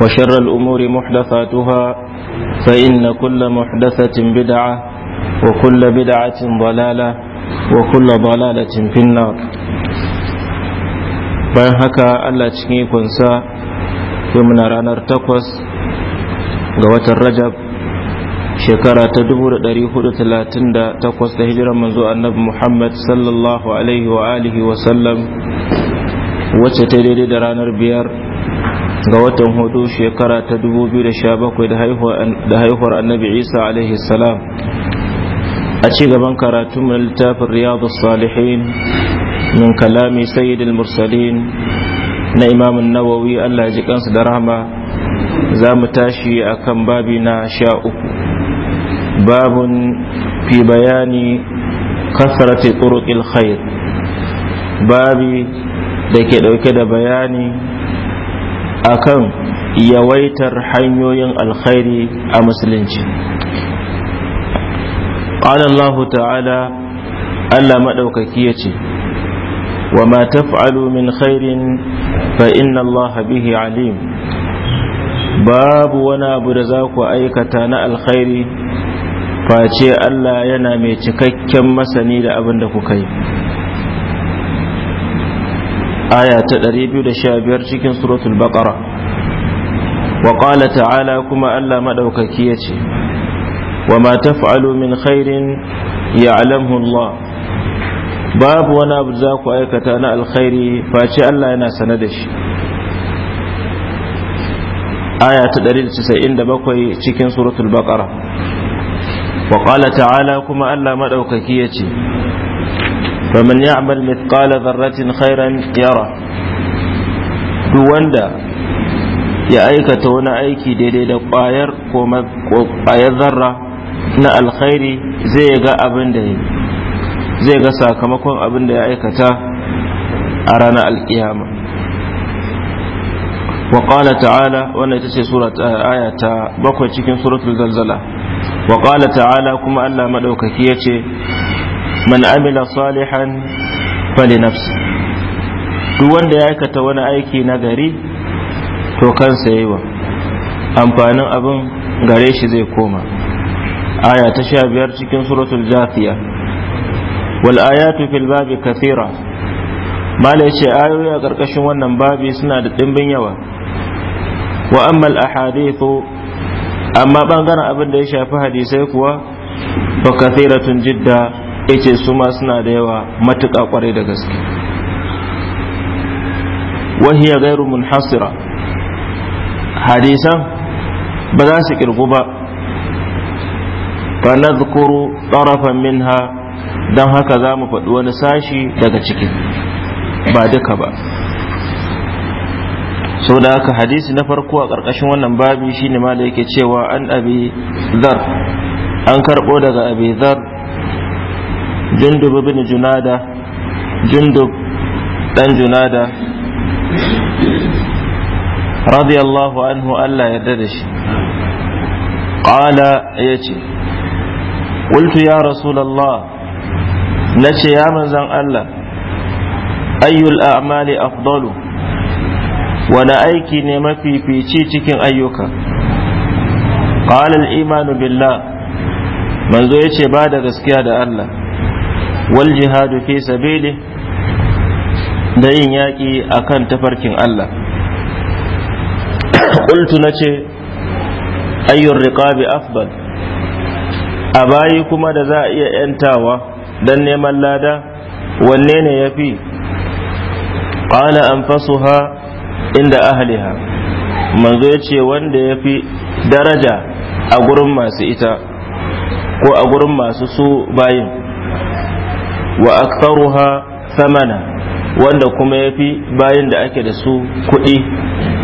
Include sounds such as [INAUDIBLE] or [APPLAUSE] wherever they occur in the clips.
وشر الأمور محدثاتها فإن كل محدثة بدعة وكل بدعة ضلالة وكل ضلالة في النار bayan haka Allah cikin ikonsa yau muna ranar takwas ga watan Rajab shekara ta 438 da hijiran manzo annabi Muhammad sallallahu alaihi wa alihi wa sallam wacce ta daidai da ranar biyar ga watan hudu shekara ta 2017 da haihuwar annabi isa alaihi salam a ci gaban karatun littafin riyadu salihin min kalami sayyidul mursalin na imamun nawawi allah ji kansu da rahama za mu tashi a kan babi na sha uku babun fi bayani kasarati turuƙil khair babi da ke dauke da bayani akan yawaitar hanyoyin alkhairi a musulunci Allah ta'ala Allah maɗaukaki ya ce wa ma taf'alu min khairin fa inna Allah bihi alim babu wani abu da za ku aikata na alkhairi face Allah yana mai cikakken masani da abin da kuka yi aya ta 215 cikin suratul baqara wa qala ta'ala kuma Allah madaukaki yace wa ma taf'alu min khairin ya'lamhu Allah babu wani abu za ku aikata na alkhairi face Allah yana sane da shi aya ta 197 cikin suratul baqara waƙala qala ta'ala kuma Allah madaukaki yace faman ya'mal mithqala dharratin khairan yara duk wanda ya aikata wani aiki daidai da kwayar ko kwayar zarra na alkhairi zai ga abin da zai ga sakamakon abin da ya aikata a ranar alkiyama وقال تعالى وانا تسي سورة آية بقوة cikin سورة الزلزلة وقال تعالى كما ألا مدوككية man amila salihan fali duk wanda ya aikata wani aiki na gari to kansa yi wa amfanin abin gare shi zai koma aya ta sha biyar cikin suratul jafiya wal ayatu fil babi kathira mala ce ayoyi a ƙarƙashin wannan babi suna da ɗimbin yawa wa amma al ahadithu amma bangaren abin da ya shafi hadisai kuwa fa kathiratun jidda ce su ma suna da yawa matuƙa kwarai da gaske wahiya gairu mun hasira hadisan ba za su kirgu ba fa nadhkuru min minha don haka za mu faɗi wani sashi daga ciki ba duka ba sau da haka hadisi na farko a ƙarƙashin wannan babi shine ma da yake cewa an abi zar an karɓo daga abi zar jundub bin junada jundub dan junada radiyallahu anhu Allah yarda da shi qala yace qultu ya rasulullah nace ya manzan Allah ayyul a'mali afdalu wani aiki ne mafifici cikin ayyuka qala al-imanu billah manzo yace ba da gaskiya da Allah wal jihadu fi sabili da yin yaƙi a kan tafarkin Allah ƙultu [COUGHS] na ce ayyun riƙabi afbal a bayi kuma da za a iya ‘yantawa don neman lada wanne ne ya fi ƙala an fasuha inda ahliha manzo ya ce wanda ya fi daraja a gurin masu ita ko a gurin masu su bayin wa aktharuha samana wanda kuma yafi bayan da ake da su kuɗi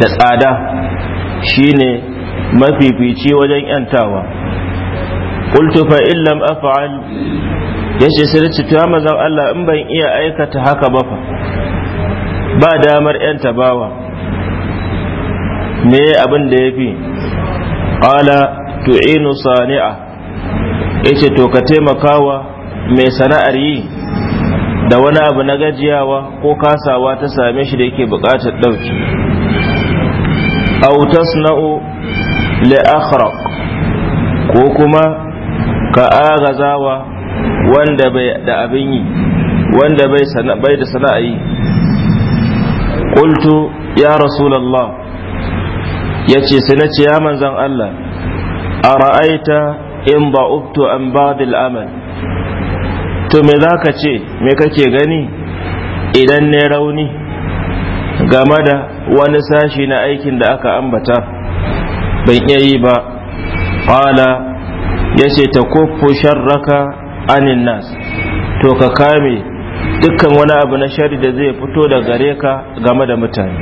da tsada shine mafifici wajen yantawa qultu fa in lam af'al yace sai ce to mazan Allah in ban iya aikata haka ba fa ba damar yanta bawa me abin da yafi qala tu'inu sani'a yace to ka taimakawa mai sana'ar yi da wani abu na gajiyawa ko kasawa ta same shi da yake buƙatar ɗauki Autos tasna'u li ko kuma ka agazawa wanda bai da abin yi wanda bai sana bai da sana'ayi qultu ya rasulullah yace sai na ya manzon Allah A ra'aita in ba'ubtu an ba'd amal to me za ka ce me kake gani idan ne rauni game da wani sashi na aikin da aka ambata ban iya yi ba ƙwala ya ce ta kofo sharraka anin nas to ka kame dukkan wani abu na shari da zai fito da gare ka game da mutane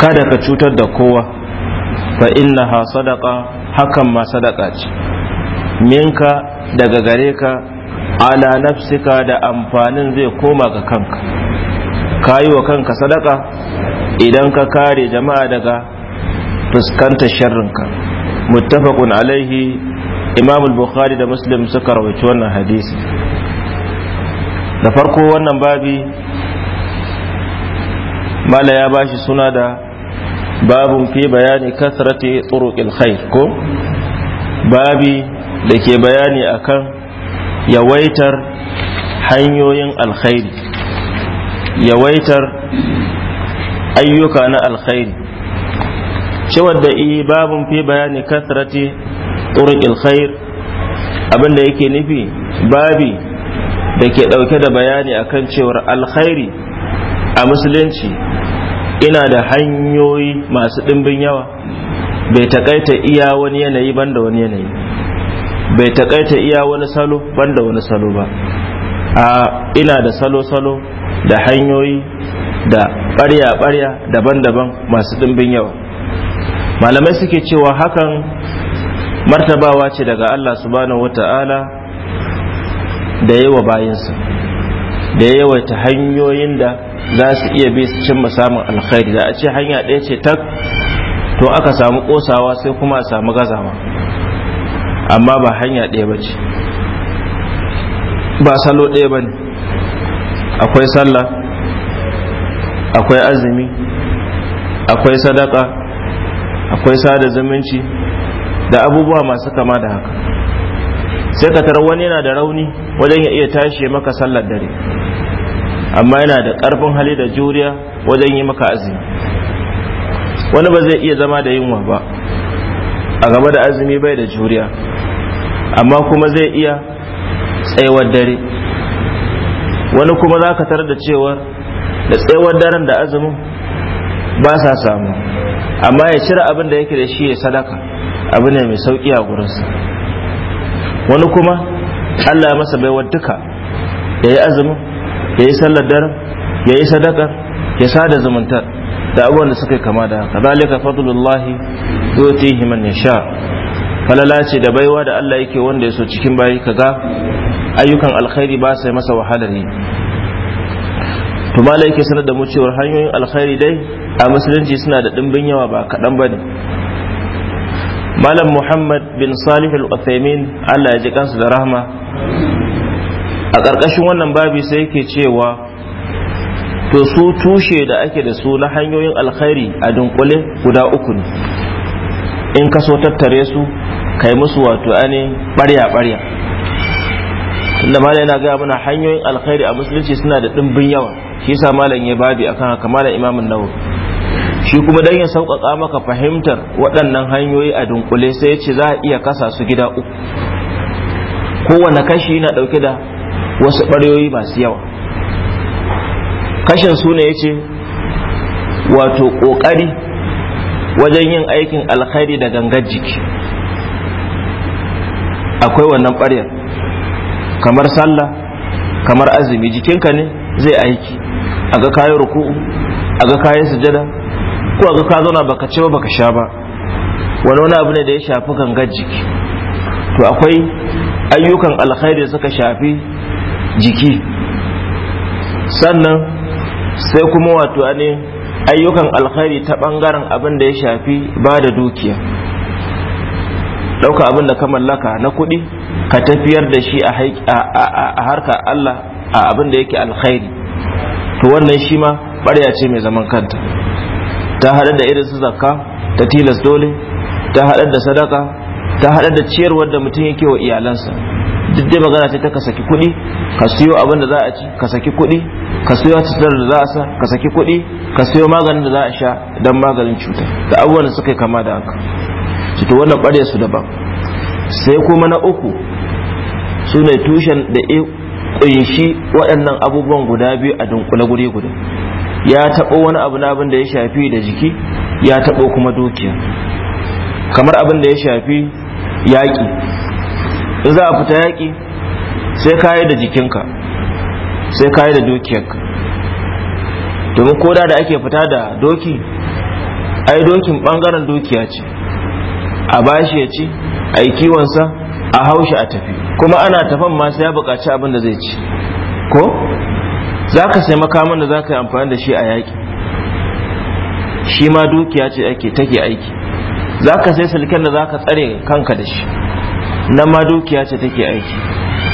kada ka cutar da kowa fa inna ha sadaka hakan ma sadaka ce minka daga gare ka ala nafsika da amfanin zai koma ga kanka ka yi wa kanka sadaka idan ka kare jama'a daga fuskantar ka. muttafaqun alaihi imam al-bukhari da muslim suka rawaito wannan hadisi da farko wannan babi mala ya bashi suna da babun fi bayani kasrati turuqil khair ko babi da ke bayani akan yawaitar hanyoyin alkhairi yawaitar ayyuka na alkhairi cewar da i babun fi bayani kasrati turuqil khair abin da yake nufi babi da ke ɗauke da bayani akan cewar alkhairi a musulunci ina da hanyoyi masu ɗimbin yawa bai takaita iya wani yanayi banda wani yanayi bai takaita iya wani salo banda wani salo ba a ina da salo-salo da hanyoyi da ɓarya-ɓarya daban-daban masu ɗimbin yawa malamai suke cewa hakan martabawa ce daga Allah subhanahu wata'ala da yawa bayansa da yawaita hanyoyin da za su iya bi su cimma samun alkhairi da a ce hanya ɗaya ce tak to aka samu ƙosawa sai kuma a samu gazawa amma ba hanya ɗaya ba ce ba salo ɗaya ba ne akwai sallah akwai azumi akwai sadaka akwai sada zumunci da abubuwa masu kama da haka sai ka tarar wani yana da rauni wajen ya iya tashi maka sallar dare amma yana da ƙarfin hali da juriya wajen yi maka azumi wani ba zai iya zama da yunwa ba a game da azumi bai da juriya amma kuma zai iya tsayawar dare wani kuma za ka tarar da cewar da tsayawar daren da azumin ba sa samu amma ya cire abin da yake da shi ya sadaka abu ne mai sauki a gurinsa wani kuma allah ya masa baiwar duka ya yi azumin ya yi sallar daren ya yi sadakar ya sada zumuntar da abubuwan da suka kama da haka zalika fadlullahi yutihi man sha. falala ce da baiwa da Allah yake wanda ya so cikin bayi kaga ayyukan alkhairi ba sai masa wahalar yi to malai yake sanar da mu cewar hanyoyin alkhairi dai a musulunci suna da dimbin yawa ba kaɗan ba ne malam muhammad bin salih al-uthaymin Allah ya ji kansu da rahma a ƙarƙashin wannan babi sai yake cewa to su tushe da ake da su na hanyoyin alkhairi a dunkule guda uku ne in kaso tattare su kai musu wato anin barya barya tunda malam yana gaya mana hanyoyin alkhairi a musulunci suna da dimbin yawa shi yasa malam ya babi akan haka malam imamun nawawi shi kuma dan ya sauƙaƙa maka fahimtar waɗannan hanyoyi a dunkule sai ya ce za a iya kasa su gida uku kowane kashi yana ɗauke da wasu ɓaryoyi masu yawa kashin su ya ce wato ƙoƙari wajen yin aikin alkhairi da gangar jiki akwai wannan ɓaryar kamar sallah kamar azumi jikinka ne zai aiki a ga kayan ruku'u a ga kayan sujada ko a ga ka zauna baka ce ba baka sha ba wani wani abu ne da ya shafi gangar jiki to akwai ayyukan alkhairi da suka shafi jiki sannan sai kuma wato ne ayyukan alkhairi ta bangaren abin da ya shafi ba da dukiya ɗauka abin da ka mallaka na kuɗi ka tafiyar da shi a harka Allah a abin da yake alkhairi to wannan shi ma ɓarya ce mai zaman kanta ta hada da irin su zakka ta tilas dole ta hada da sadaka ta hada da ciyarwar da mutum yake wa iyalansa duk dai magana ce ta ka saki kuɗi ka siyo abin da za a ci ka saki kuɗi ka siyo cutar da za a sa ka saki kuɗi ka siyo maganin da za a sha don maganin cuta da abubuwan da suka kama da haka ciki wannan ɓarya su daban sai kuma na uku su ne tushen da ya ƙunshi waɗannan abubuwan guda biyu a dunkule guri guda ya taɓo wani abu na abin da ya shafi da jiki ya taɓo kuma dukiya kamar abin da ya shafi yaƙi in za a fita yaƙi sai kayi da jikinka sai kayi da dukiyarka domin koda da ake fita da doki ai dokin ɓangaren dukiya ce a bashi ya ci a yi kiwonsa a haushi a tafi kuma ana tafan ma sai ya buƙaci abin da zai ci ko za ka sai makaman da za ka yi amfani da shi a yaƙi shi ma dukiya ce ake take aiki za ka sai silken da za ka tsare kanka da shi nan ma dukiya ce take aiki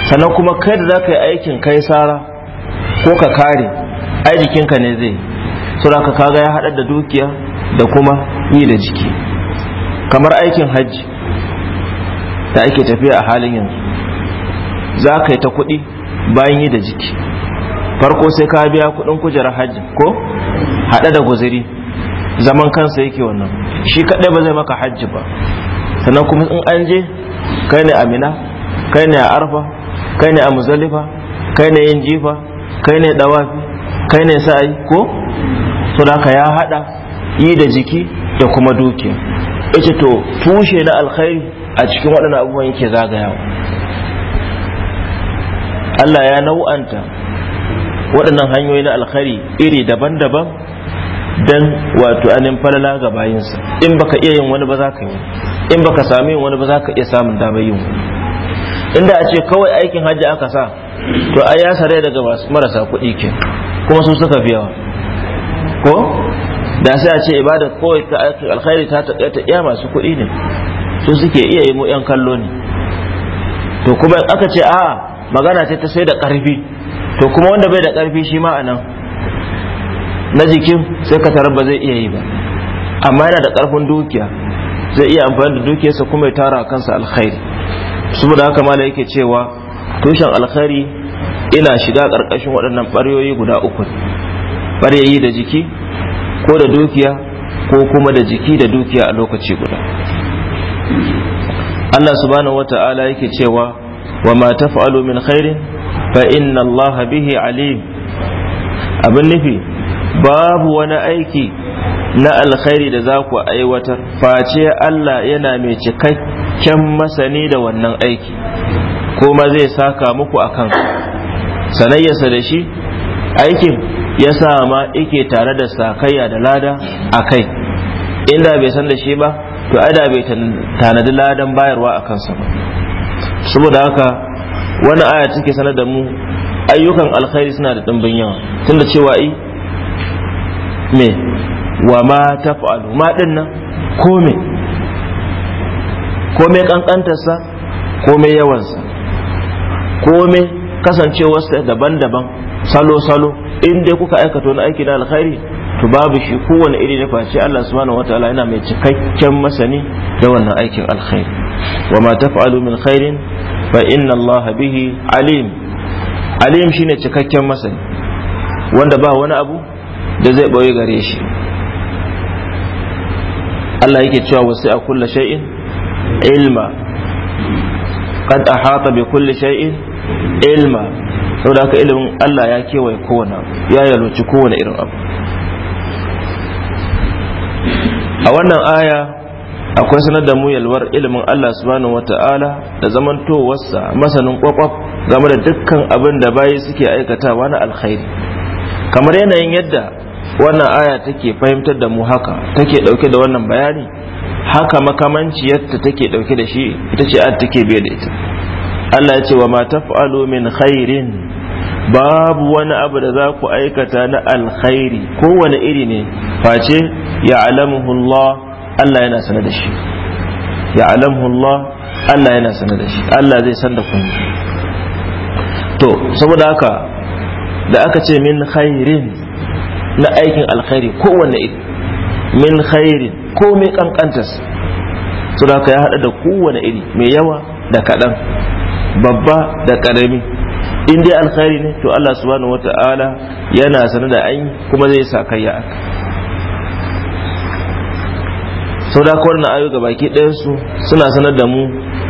sannan kuma kai da za ka yi aikin kai sara ko ka kare ai jikinka ne zai saboda ka kaga ya haɗar da dukiya da kuma yi da jiki kamar aikin hajji da ake tafiya a halin yanzu za ka yi ta kuɗi bayan yi da jiki farko sai ka biya kuɗin kujerar hajji ko haɗe da guziri zaman kansa yake wannan shi kaɗai ba zai maka hajji ba sannan kuma in an je kai ne amina kai ne a arfa kai ne a muzalifa kai ne yin jifa kai ne dawafi kai ne sa'ai ko so da ya haɗa yi da jiki da kuma dukiya yace to tushe na alkhairi a cikin waɗannan abubuwan yake zagaya Allah ya nau'anta waɗannan hanyoyi na alkhairi iri daban-daban dan wato anin falala ga bayinsa in baka iya yin wani ba za ka yi in baka sami yin wani ba za ka iya samun damar yin inda a ce kawai aikin hajji aka sa to ai ya sare daga marasa kuɗi ke kuma su suka fi yawa ko da sai a ce ibada kawai ta aikin alkhairi ta taƙaita iya masu kuɗi ne su suke iya yi mu yan kallo ne to kuma aka ce a magana ce ta sai da ƙarfi to kuma wanda bai da ƙarfi shi ma anan na jikin sai ka tarar ba zai iya yi ba amma yana da ƙarfin dukiya zai iya amfani da dukiyarsa kuma ya tara kansa alkhairi saboda haka mala yake cewa tushen alkhairi ina shiga karkashin waɗannan ɓaryoyi guda uku ɓaryayi da jiki ko da dukiya ko kuma da jiki da dukiya a lokaci guda Allah subhanahu wata'ala yake cewa wa ma taf'alu min khairin fa inna Allah bihi alim abin nufi babu wani aiki na alkhairi da za ku aiwatar face Allah yana mai cikakken masani da wannan aiki kuma zai saka muku akan sanayyarsa da shi aikin ya sa ma ike tare da sakayya da lada a kai inda bai san da shi ba to ai da bai tanadi ladan bayarwa a kansa ba saboda haka wani aya take sanar da mu ayyukan alkhairi suna da ɗimbin yawa tunda cewa i me wa ma taf'alu ma din nan ko me ko me kankantarsa ko me yawansa ko me kasancewarsa daban-daban salo-salo in dai kuka aikata wani aiki na alkhairi to babu shi kowane iri ne face Allah subhanahu wataala yana mai cikakken masani da wannan aikin alkhairi wa ma taf'alu min khairin fa inna Allah bihi alim alim shine cikakken masani wanda ba wani abu da zai boye gare shi Allah yake cewa wasi'a kullu shay'in ilma qad ahata bi kulli shay'in ilma saboda haka ilimin Allah ya kewaye kowane ya yalwaci kowane irin abu a wannan aya akwai sanar da muyalwar ilimin Allah subhanahu wata'ala da zamantowarsa masanin kwakwaf game da dukkan abin da bayi suke aikata na alkhairi kamar yanayin yadda wannan aya take fahimtar da mu haka take dauke da wannan bayani haka makamanci yadda take dauke da shi ita ce take bai da ita Allah ya ce wa ma taf'alu min khairin babu wani abu da za ku aikata na alkhairi kowane iri ne face ya Allah Allah yana sanar da shi ya Allah Allah yana sanar da shi Allah zai san da kun to saboda haka da aka ce min khairin na aikin alkhairi kowane iri min khairin ko mai kankantas saboda haka ya hada da kowane iri mai yawa da kaɗan babba da karami in dai alkhairi ne to Allah subhanahu wata'ala yana sanar da ai kuma zai sa kai ya aka. sau da na ayo ga baki ɗayansu suna sanar da mu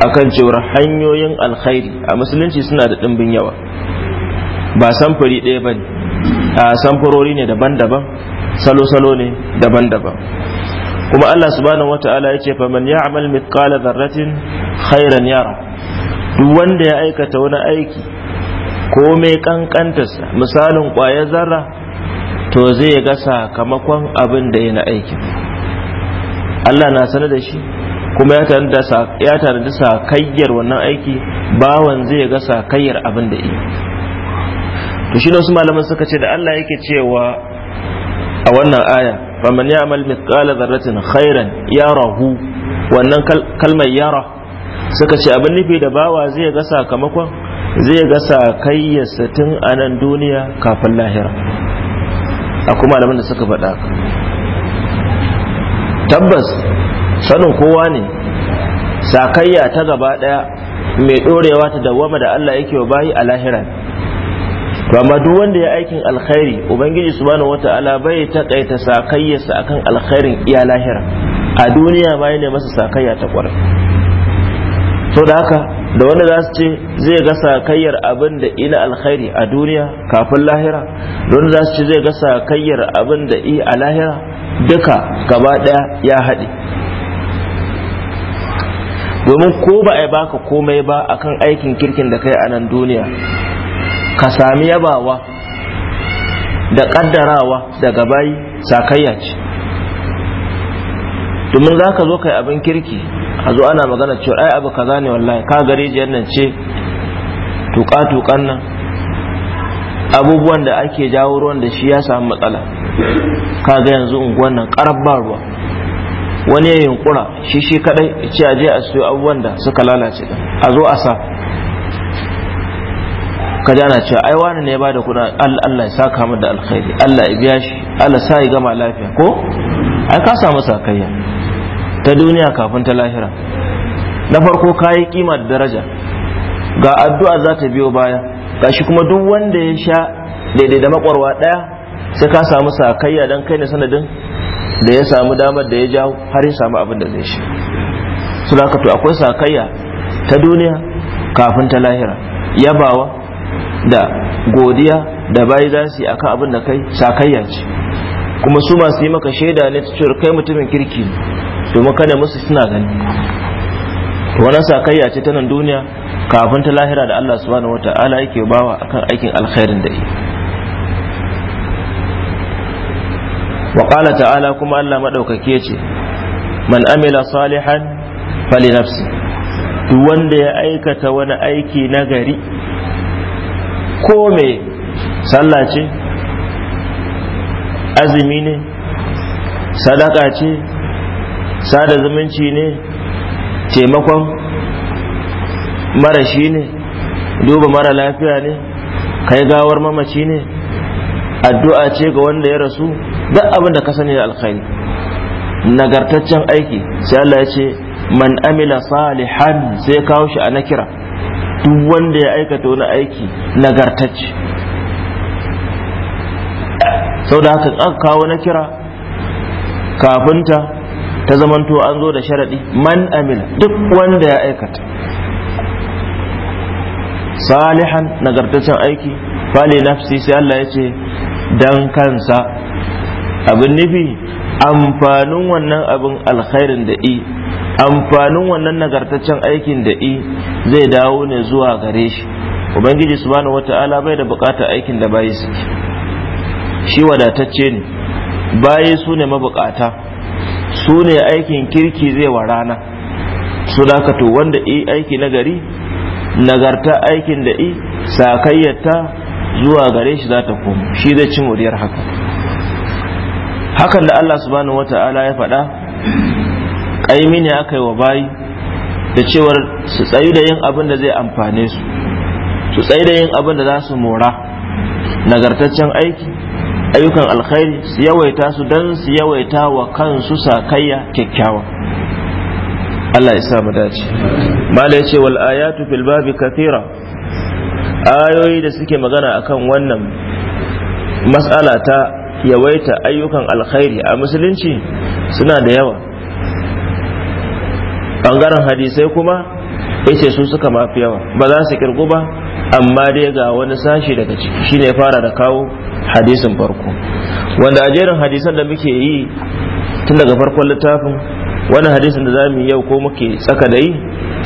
akan cewar hanyoyin alkhairi a musulunci suna da ɗimbin yawa ba samfuri ɗaya ba a samfurori ne daban-daban salo-salo ne daban-daban kuma Allah subhanahu wata'ala ya ce faman ya'mal mithqala dharratin khairan yara duk wanda ya aikata wani aiki ko mai kankantarsa misalin kwaya zarra to zai ga sakamakon abin da ya na aikin Allah na sanar da shi kuma ya tanadi sakayyar wannan aiki bawan zai ga sakayyar abin da yi to shi wasu malaman suka ce da Allah yake cewa a wannan aya faman ya'mal mithqala dharratin khairan yarahu wannan kalmar yara suka ce abin nufi da bawa zai ga sakamakon zai ga sakayyarsa tun a nan duniya kafin lahira a kuma alamun da suka faɗa tabbas sanin kowa ne sakayya ta gaba ɗaya mai ɗorewa ta dawama da Allah yake wa bayi a lahira to duk wanda ya aikin alkhairi ubangiji subhanahu wata'ala bai takaita sakayyarsa akan alkhairin iya lahira a duniya ma ne masa sakayya ta kwarai so da haka da wanda za su ce zai ga sakayyar abin da ila alkhairi a duniya kafin lahira da wanda za su ce zai ga sakayyar abin da i a lahira duka gaba daya ya haɗe domin ko ba a baka komai ba akan aikin kirkin da kai a nan duniya ka sami yabawa da ƙaddarawa daga bayi sakayya ce domin za ka zo kai abin kirki a zo ana magana cewa ai abu kaza ne wallahi ka gare jiyar nan ce tuka-tukan nan abubuwan da ake jawo ruwan da shi ya samu matsala ka ga yanzu unguwan nan karab ba ruwa wani ya yunkura shi shi kadai ce a je a siyo abubuwan da suka lalace a zo a sa ka jana cewa ai wani ne ya bada kuɗa Allah ya saka mu da alkhairi Allah ya biya shi Allah sa ya gama lafiya ko ai ka samu sakayya ta duniya kafin ta lahira na farko kayi kima da daraja ga addu'a za ta biyo baya gashi kuma duk wanda ya sha daidai da makwarwa daya sai ka samu sakayya don kai na sanadin da ya samu damar da ya jawo har ya samu abin da zai shi su da to akwai sakayya ta duniya kafin ta lahira yabawa da godiya da bayi za su yi akan abin da kai sakayya ce kuma su masu yi maka shaida ne ta kai mutumin kirki ne domin kada musu suna gani wani sakayya ce ta nan duniya kafin ta lahira da Allah subhanahu ta'ala yake bawa a kan aikin alkhairin da yi wa ta'ala kuma Allah madaukake ce man amila salihan fali nafsi duk wanda ya aikata wani aiki na gari. ko me sallah ce azumi ne sadaka ce sada zumunci ne taimakon marashi ne duba mara lafiya ne kai gawar mamaci ne addu'a ce ga wanda ya rasu duk abin da ka sani da alkhairi nagartaccen aiki sai Allah ya ce man amila salihan sai kawo shi a nakira duk wanda ya aikata wani aiki nagartacce sau da haka kawo nakira kafinta ta zamanto an zo da sharaɗi man amila duk wanda ya aikata salihan nagartaccen aiki fali nafsi sai Allah ya ce dan kansa abin nufi amfanin wannan abin alkhairin da i amfanin wannan nagartaccen aikin da i zai dawo ne zuwa gare shi ubangiji subhanahu wata'ala bai da bukatar aikin da bayi suke shi wadatacce ne bayi su ne mabukata su ne aikin kirki zai wa rana su dakato wanda i aiki na gari nagarta aikin da i sakayyata zuwa gare shi za ta komo shi zai ci muriyar haka hakan da Allah subhanahu wata'ala ya faɗa ƙaimi ne aka yi wa bayi da cewar su tsayu da yin abin da zai amfane su su tsayu da yin abin da za su mora nagartaccen aiki ayyukan alkhairi su yawaita su dan su yawaita wa kansu sakayya kyakkyawa Allah ya sa mu dace mala yace wal ayatu fil babi kathira ayoyi da suke magana akan wannan matsala ta yawaita ayyukan alkhairi a musulunci suna da yawa bangaren hadisai kuma yace su suka mafi yawa ba za su kirgu ba amma dai ga wani sashi daga ciki shine ya fara da kawo hadisin farko wanda a jerin hadisan da muke yi tun daga farkon littafin wani hadisin da za mu yi yau ko muke tsaka da yi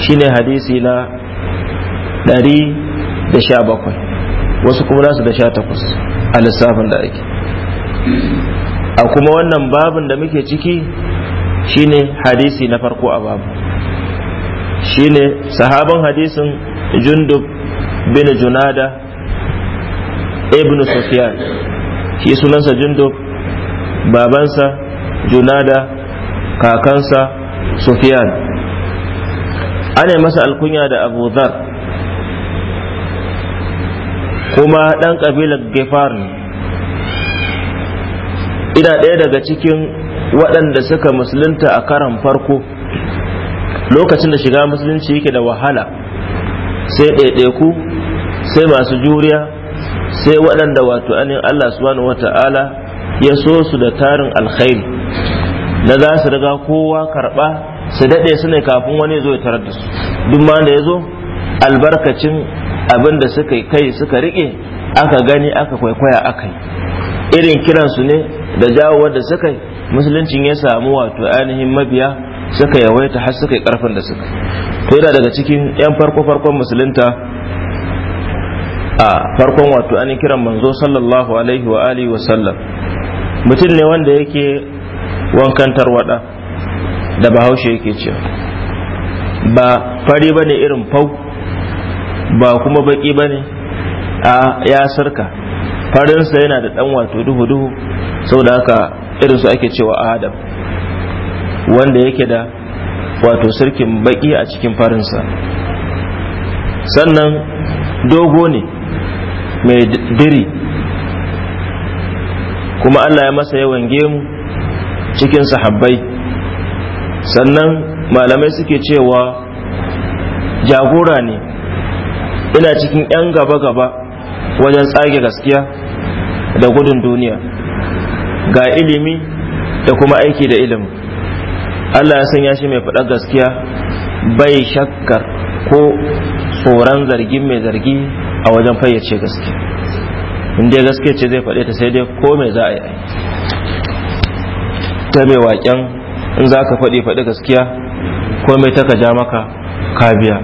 shine hadisi na 117 wasu kuma nasu da 18 a lissafin da ake a kuma wannan babin da muke ciki shine hadisi na farko a babu shine sahaban hadisin jundub bin junada ibn sufyan shi sunansa jundub babansa junada kakansa sufyan ana masa alkunya da abu zar kuma ɗan ƙabilar gifar ne ina ɗaya daga cikin waɗanda suka musulunta a karan farko lokacin da shiga musulunci yake da wahala sai ɗaiɗaiku sai masu juriya sai waɗanda wato anin Allah subhanahu wata'ala ya so su da tarin alkhairi na za su riga kowa karɓa su daɗe su ne kafin wani zo ya tarar da su duk ma da ya zo albarkacin abin da suka kai suka riƙe aka gani aka kwaikwaya aka yi irin kiransu ne da jawo wanda suka yi musuluncin ya samu wato ainihin mabiya suka yawaita har suka yi karfin da suka to yana daga cikin yan farko farkon musulunta a farkon wato an kiran manzo sallallahu alaihi wa alihi wa sallam mutum ne wanda yake wankan tarwada da bahaushe yake cewa ba fari bane irin fau ba kuma baki bane a ya sarka farinsa yana da dan wato duhu duhu saboda haka irin su ake cewa adam wanda yake da wato sarkin baki a cikin farinsa sannan dogo ne mai diri kuma allah ya masa yawan gemu cikin sahabbai sannan malamai suke cewa jagora ne ina cikin 'yan gaba-gaba wajen tsage gaskiya da gudun duniya ga ilimi da kuma aiki da ilimin Allah ya sanya shi mai faɗa gaskiya bai shakkar ko tsoron zargin mai zargi a wajen fayyace gaskiya in dai gaskiya ce zai faɗe ta sai dai ko mai za a yi ta mai waƙen in za ka faɗi faɗi gaskiya ko mai ta ka ja maka kabiya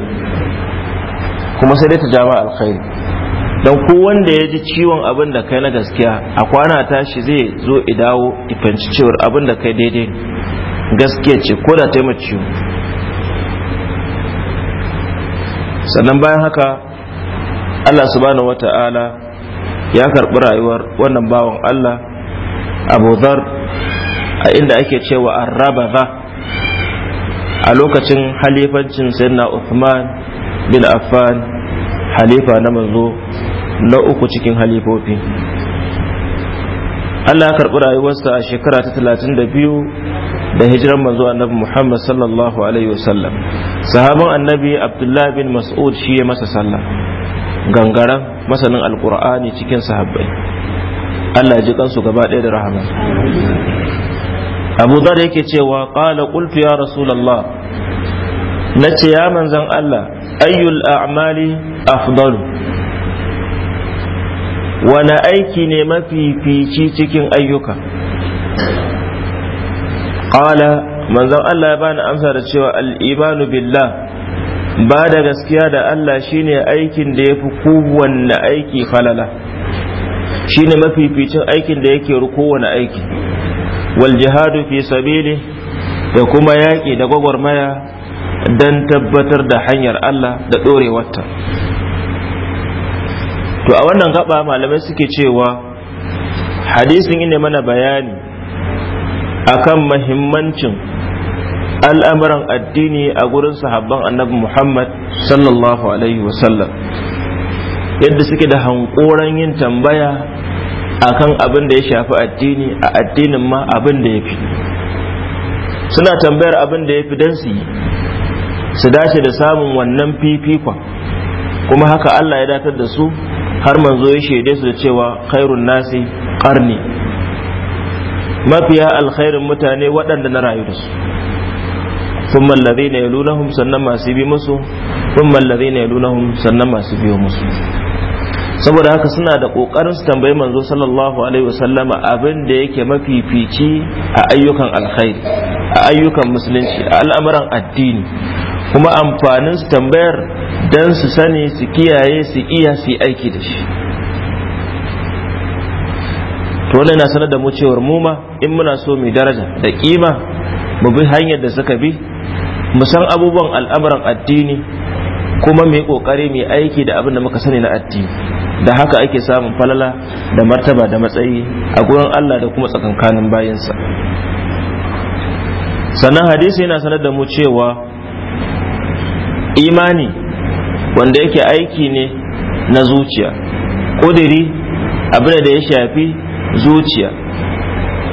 kuma sai dai ta ja ma alkhairi don ko wanda ya ji ciwon abin da kai na gaskiya a kwana tashi zai zo idawo ifanci cewar abin da kai daidai gaskiya ce ko da taimaka ciwo sannan bayan haka allah subhanahu wa ya karɓi rayuwar wannan bawan allah abu zar a inda ake cewa an raba za a lokacin halifancin sayyidina uthman bin affan halifa na manzo na uku cikin halifofi Allah ya karɓi rayuwarsa a shekara ta talatin da biyu da hijiran manzo annabi Muhammad sallallahu alaihi wasallam sahaban annabi Abdullah bin Mas'ud shi ya masa sallah Gangaren masanin alqur'ani cikin sahabbai Allah ji kansu gaba ɗaya da rahama Abu Dhar yake cewa qala qultu ya Rasulullah nace ya manzon Allah ayyul a'mali afdalu wani aiki ne mafifici cikin ayyuka qala manzon Allah ya bani amsa da cewa al-imanu billah ba da gaskiya da Allah shine aikin da yafi kowanne aiki falala shine mafificin aikin da yake kowanne aiki wal jihadu fi sabili da kuma yaƙi da gwagwarmaya don tabbatar da hanyar Allah da ɗorewarta to a wannan gaba malamai suke cewa hadisin ina mana bayani akan mahimmancin al'amuran addini a gurin sahabban annabi Muhammad sallallahu Alaihi wasallam yadda suke da hankoran yin tambaya akan abin da ya shafi addini a addinin ma abin da ya fi suna tambayar abin da ya fi don su yi su dace da samun wannan fifikon kuma haka Allah ya datar da su har manzo ya shaide su da cewa khairun nasi ƙarni mafiya alkhairin mutane waɗanda na rayu da su sun mallabe na yalunahum sannan masu bi musu sun mallabe na yalunahum sannan masu biyo musu saboda haka suna da ƙoƙarin su tambayi manzo sallallahu alaihi wasallama abin da yake mafifici a ayyukan alkhairi a ayyukan musulunci a al'amuran addini kuma amfanin su tambayar don su sani su kiyaye su iya su aiki da shi to wannan na sanar da mu cewar mu ma in muna so mu daraja da kima mu bi hanyar da suka bi mu san abubuwan al'amuran addini kuma mu yi kokari mu aiki da abin da muka sani na addini da haka ake samun falala da martaba da matsayi a gurin Allah da kuma tsakankanin bayansa sannan hadisi yana sanar da mu cewa imani wanda yake aiki ne na zuciya kudiri abin da ya shafi zuciya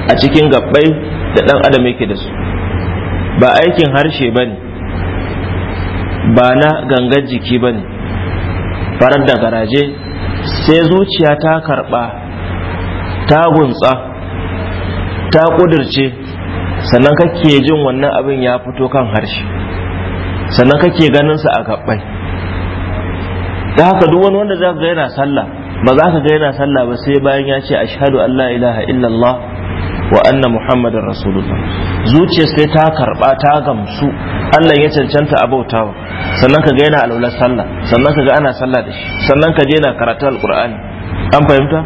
a cikin gabbai da ɗan adam yake da su ba aikin harshe ba ne ba na gangan jiki ba ne farar da garaje sai zuciya ta karɓa ta gunsa ta ƙudurce sannan kake jin wannan abin ya fito kan harshe sannan kake ganinsa a gabbai da haka duk wani wanda za ga yana sallah ba za ka ga yana sallah ba sai bayan ya ce ashhadu an la ilaha illallah wa anna muhammadar rasulullah zuciyar sai ta karba ta gamsu allah ya cancanta a sannan ka ga yana alwalar sallah sannan ka ga ana sallah da shi sannan ka je yana karatu alqur'ani an fahimta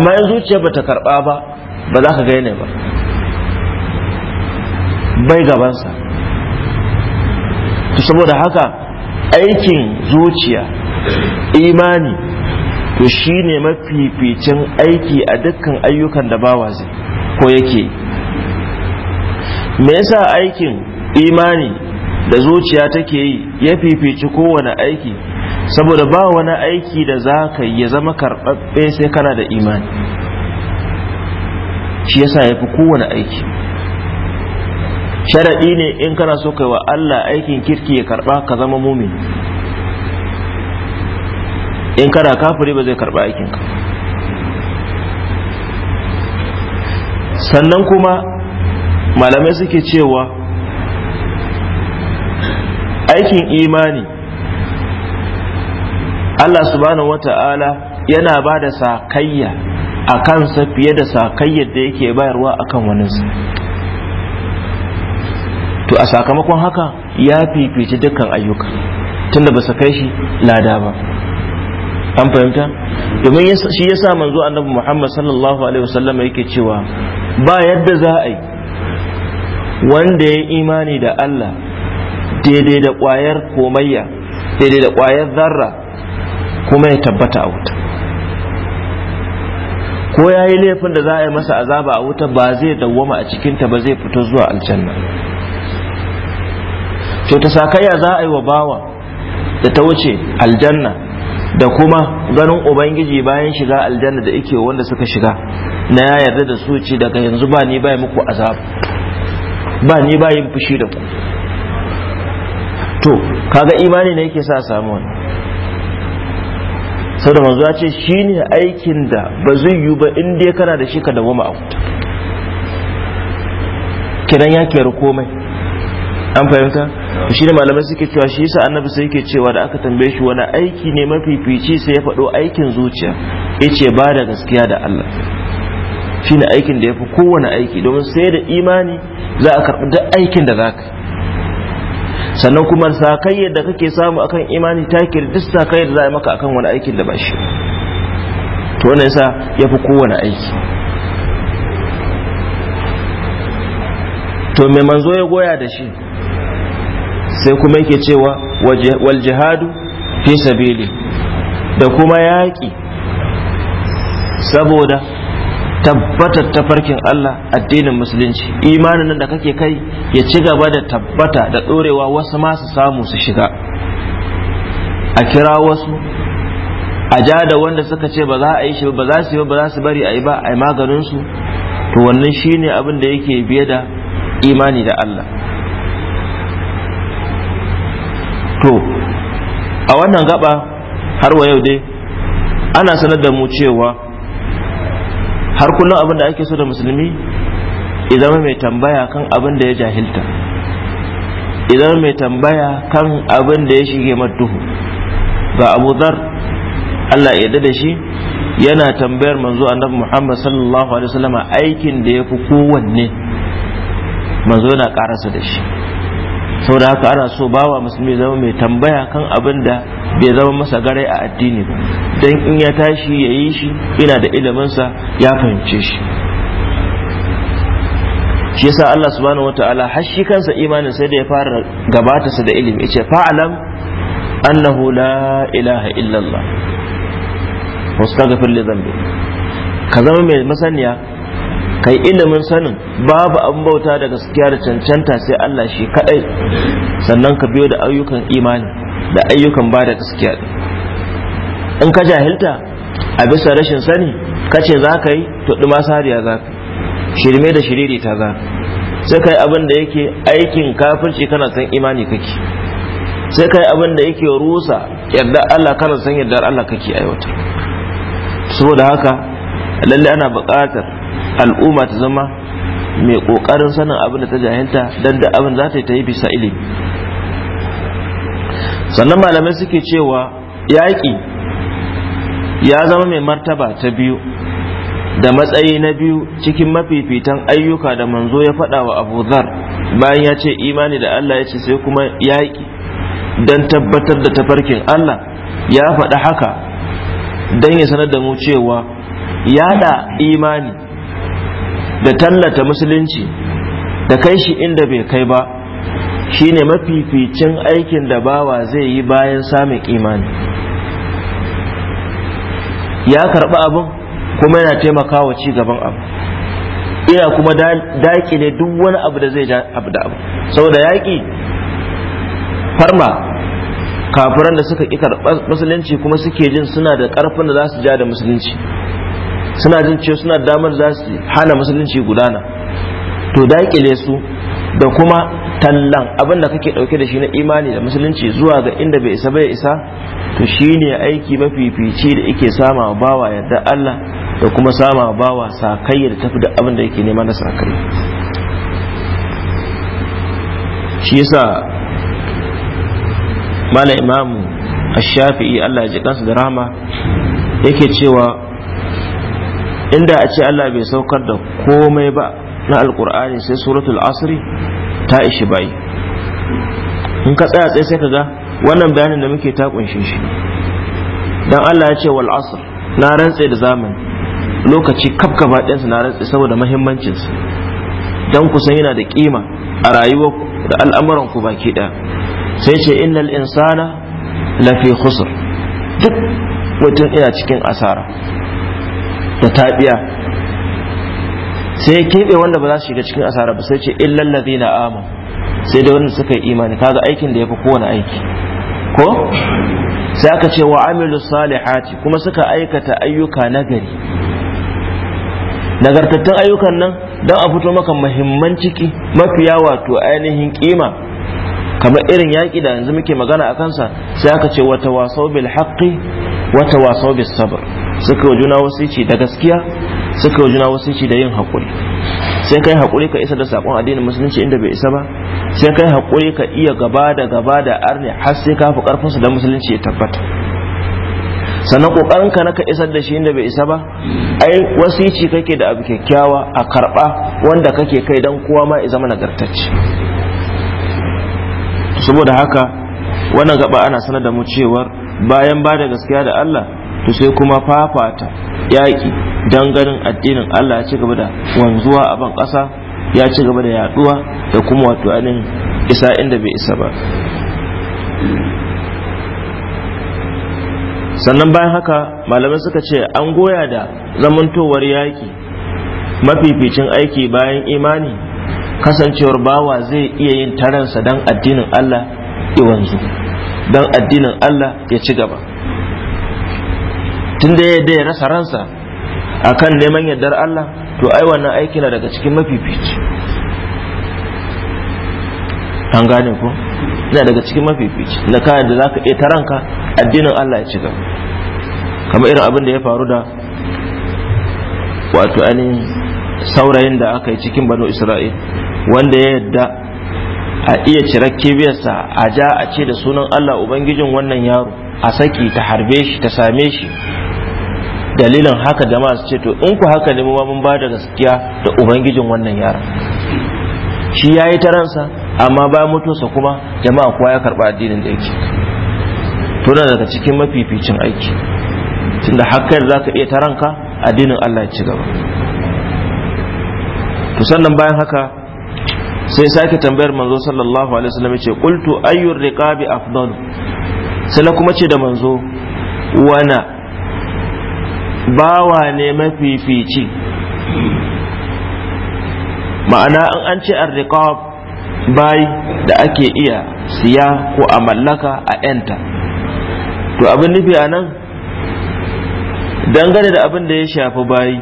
amma in zuciya ba ta karba ba ba za ka ga yana ba bai gabansa to saboda haka aikin zuciya imani to ne mafificin aiki a dukkan ayyukan da bawa zai ko yake me yasa aikin imani da zuciya take yi ya fifici kowane aiki saboda ba wani aiki da za ka ya zama karɓaɓɓe sai kana da imani shi yasa ya fi kowane aiki sharaɗi ne in kana so kai wa Allah aikin kirki ya karɓa ka zama mumin in kana kafiri ba zai karba aikinka sannan kuma malamai suke cewa aikin imani Allah subhanahu wata'ala yana ba da sakayya a kansa fiye da sakayyar da yake bayarwa akan waninsa to a sakamakon haka ya fifici dukkan ayyuka tunda ba su kai shi lada ba an fahimta domin shi ya sa manzo annabi Muhammad sallallahu alaihi wasallam yake cewa ba yadda za a yi wanda ya imani da Allah daidai da kwayar komayya daidai da kwayar zarra kuma ya tabbata a wuta ko ya yi laifin da za a yi masa azaba a wuta ba zai dawwama a cikinta ba zai fito zuwa aljanna to ta sakayya za a yi wa bawa da ta wuce aljanna da kuma ganin ubangiji bayan shiga aljanna da yake wanda suka shiga na ya yarda da su ce daga yanzu ba ni bai muku azab ba ni bai yin fushi da ku to kaga imani ne yake sa samu wani saboda manzo ya ce shine aikin da ba zai yi ba in dai kana da shi ka dawo ma a kidan ya kere komai an fahimta shi ne malamai suke cewa shi yasa annabi sai yake cewa da aka tambaye shi wani aiki ne mafifici sai ya faɗo aikin zuciya yace ba da gaskiya da Allah shi ne aikin da ya fi kowane aiki domin sai da imani za a karɓi duk aikin da za ka sannan kuma sakayyar da kake samu akan imani ta ke duk sakayyar da za a maka akan wani aikin da ba shi to wannan yasa ya fi kowane aiki to mai manzo ya goya da shi sai kuma yake cewa wal jihadu fi sabili da kuma yaki? saboda tabbatar farkin Allah addinin musulunci imanin da kake kai ya ci gaba da tabbata da ɗorewa wasu masu samu su shiga a kira wasu a ja da wanda suka ce ba za a yi shi ba za su yi ba za su bari a yi ba a yi maganinsu to wannan shine abin da yake biye da imani da Allah to a wannan gaba har wa yau dai ana sanar da mu cewa har kullum abin da ake so da musulmi idan mai tambaya kan abin da ya jahilta idan mai tambaya kan abin da ya shige duhu ga abu zar Allah ya da shi yana tambayar manzo annabi Muhammad sallallahu alaihi wasallama aikin da ya fi kowanne manzo yana karasa da shi saboda haka ana so bawa musulmi zama mai tambaya kan abin da bai zama masa garai a addini ba don in ya tashi ya yi shi ina da iliminsa ya fahimce shi shi yasa Allah subhanahu wataala har shi kansa imanin sai da ya fara gabata sa da ilimi yace fa'alam annahu la ilaha illallah wastaghfir li dhanbi ka zama mai masaniya kai ilimin sanin babu abin bauta da gaskiya da cancanta sai Allah shi kadai sannan ka biyo da ayyukan imani da ayyukan ba da gaskiya in ka jahilta a bisa rashin sani ka ce za ka yi to ɗuma sariya za ka shirme da shiriri ta za sai kai abin da yake aikin kafirci kana san imani kake sai kai abin da yake rusa yarda Allah kana san yarda Allah kake aiwata saboda haka lalle ana buƙatar al'umma ta zama mai ƙoƙarin sanin abin da ta jahinta don da abin za ta yi bisa ilimi sannan malamai suke cewa yaƙi ya zama mai martaba ta biyu da matsayi na biyu cikin mafifitan ayyuka da manzo ya faɗa wa abu zar bayan ya ce imani da allah ya ce sai kuma yaƙi don tabbatar da tafarkin allah ya faɗa haka don ya sanar da mu cewa yada imani da tallata musulunci da kai shi inda bai kai ba shine mafificin aikin da bawa zai yi bayan samun imani ya karɓi abin kuma yana taimakawa ci gaban abu ina kuma daƙi ne duk wani abu da zai ja abu da abu saboda yaƙi farma kafiran da suka ƙi karɓar musulunci kuma suke jin suna da ƙarfin da za su ja da musulunci suna jin cewa suna damar za su hana musulunci gudana to daƙile su da kuma tallan abin da kake ɗauke da shi na imani da musulunci zuwa ga inda bai isa bai isa to shi ne aiki mafifici da ike sama wa bawa yadda Allah da kuma sama bawa sakayya da tafi da abin da yake nema na sakayya shi yasa mala imamu a shafii Allah ya ji kansa da rahama yake cewa inda a ce Allah bai saukar da komai ba na alkur'ani sai suratul asri ta ishi ba'i. in ka tsaya tsaye sai ka ga wannan bayanin da muke ta kunshe shi dan Allah ya ce wal asr na rantse da zamani lokaci kaf gaba na rantse saboda muhimmancinsa dan kusan yana da kima a rayuwar da al'amuran ku baki ɗaya sai ce innal insana lafi khusr duk mutum ina cikin asara da tabiya sai keɓe wanda ba za su shiga cikin asara ba sai ce illal na ama sai da wanda suka yi imani kaga aikin da ya fi kowane aiki ko sai aka ce wa amilu salihati kuma suka aikata ayyuka nagari nagartattun ayyukan nan don a fito maka muhimman ciki mafiya wato ainihin kima kamar irin yaƙi da yanzu muke magana a kansa sai aka ce wata wasau bil haqqi wata wasau bil sabr suka wa juna wasici da gaskiya suka wa juna wasici da yin haƙuri sai kai haƙuri ka isa da saƙon addinin musulunci inda bai isa ba sai kai haƙuri ka iya gaba da gaba da arne har sai ka fi ƙarfinsu da musulunci ya tabbata sannan ƙoƙarin ka na ka isar da shi inda bai isa ba ai wasici kake da abu kyakkyawa a karɓa wanda kake kai dan kowa ma ya zama nagartacce saboda haka wannan gaba ana sanar da mu cewar bayan ba da gaskiya da Allah to sai kuma fafata yaƙi don ganin addinin Allah ya ci gaba da wanzuwa a ban ƙasa ya ci gaba da yaɗuwa da kuma wato anin isa inda bai isa ba sannan bayan haka malamai suka ce an goya da zamantowar yaƙi mafificin aiki bayan imani kasancewar bawa zai iya yin taransa don addinin Allah ya wanzu don addinin Allah ya ci gaba tun da ya ya rasa ransa a kan neman yardar Allah to ai wannan aiki na daga cikin mafifici an gane ko na daga cikin mafifici na kayan da zaka iya ranka addinin Allah ya ci gaba kamar irin abin da ya faru da wato ainihin saurayin da aka yi cikin banu isra'il wanda ya yadda a iya cire kibiyarsa a ja a ce da sunan Allah ubangijin wannan yaro a saki ta harbe shi ta same shi dalilin haka jama'a su ce to in ku haka ne ma mun ba da gaskiya da ubangijin wannan yara shi ya yi taransa amma bayan mutuwarsa kuma jama'a kuwa ya karɓa addinin da yake tuna daga cikin mafificin aiki tunda yadda za ka iya taranka addinin allah ya ci gaba to sannan bayan haka sai sake tambayar manzo sallallahu alaihi wasallam ce qultu ayyur riqabi afdal sai kuma ce da manzo wana bawa ne mafifici ma'ana in an ce arriqab bayi da ake iya siya ko a mallaka a yanta to abin nufi a dangane da abin da ya shafi bayi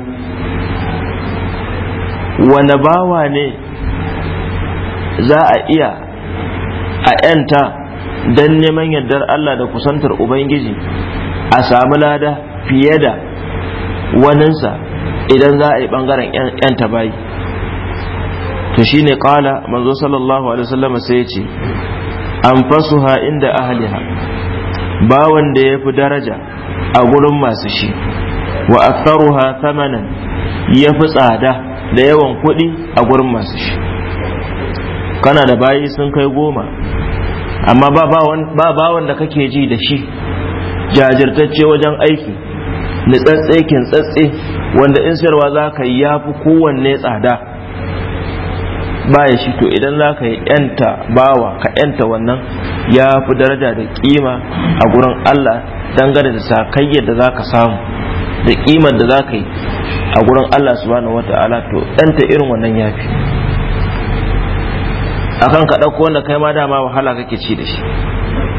wane bawa ne za a iya a yanta don neman yardar Allah da kusantar Ubangiji a samu lada fiye da waninsa idan za a yi bangaren yan tabayi to shi ne kala manzo sallallahu alaihi wasallam sai ya ce ha inda ahliha bawan da ya fi daraja a gurin masu shi wa aktharuha thamanan ya fi tsada da yawan kuɗi a gurin masu shi kana da bayi sun kai goma amma ba bawan da kake ji da shi jajirtacce wajen aiki Ni kin kintsatse wanda in sayarwa za ka yi ya fi kowanne tsada Ba ya shi to idan za ka yi yanta bawa ka yanta wannan ya fi daraja da kima a gurin Allah dangane da sakayyar da za ka samu da kimar da za ka yi a gurin Allah subhanahu wata'ala to yanta irin wannan ya fi akan ka ɗauko wanda kai ma dama wahala kake ci da shi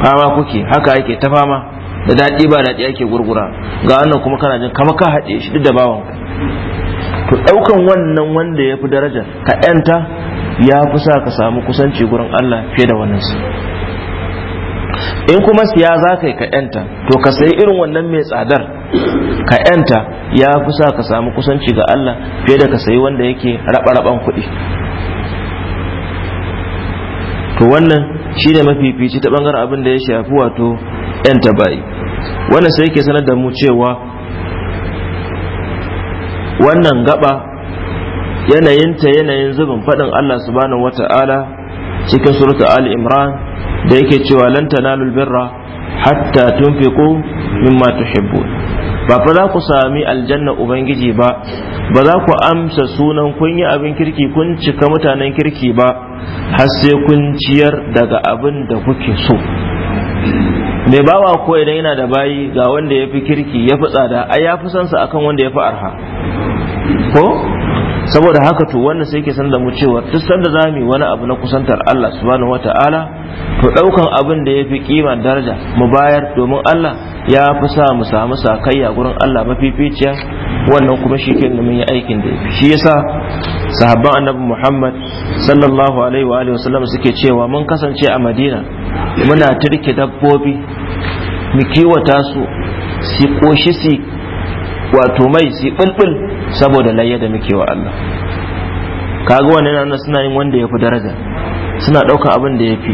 fama kuke haka yake ta fama da daɗi ba daɗi ake gurgura ga wannan kuma kana jin kama ka haɗe shi duk da bawan to ɗaukan wannan wanda ya fi daraja ka ‘yanta ya fi sa ka samu kusanci gurin Allah fiye da wannan su in kuma siya za ka yi ka ‘yanta to ka sayi irin wannan mai tsadar ka ‘yanta ya fi sa ka samu kusanci ga Allah fiye da ka sayi wanda yake raɓa-raɓan kuɗi to wannan shi ne mafifici ta bangaren abin da ya shafi wato 'yan tabayi wannan sai yake sanar da mu cewa wannan gaba yanayinta yanayin zubin faɗin Allah subhanahu wata'ala cikin suratul Ali Imran da yake cewa lan tanalul birra hatta tunfiqu mimma tuhibbun ba fa za ku sami aljanna ubangiji ba ba za ku amsa sunan kun yi abin kirki kun cika mutanen kirki ba har sai kun ciyar daga abin da kuke so mai bawa ko idan yana da bayi ga wanda ya fi kirki ya fi tsada ai ya fi sansa akan wanda ya fi arha ko saboda haka to wannan sai ke san da mu cewa duk da za mu wani abu na kusantar Allah subhanahu wata'ala to daukan abin da ya fi kima daraja mu bayar domin Allah ya fi sa mu samu sakayya gurin Allah mafificiya wannan kuma shi ke mun aikin da shi yasa sahabban annabi Muhammad sallallahu alaihi wa alihi wasallam suke cewa mun kasance a Madina muna turke dabbobi mu kiwata su su koshi su wato mai su bulbul saboda layya da muke wa Allah kaga wannan yana suna yin wanda ya fi daraja suna ɗaukar abin da ya fi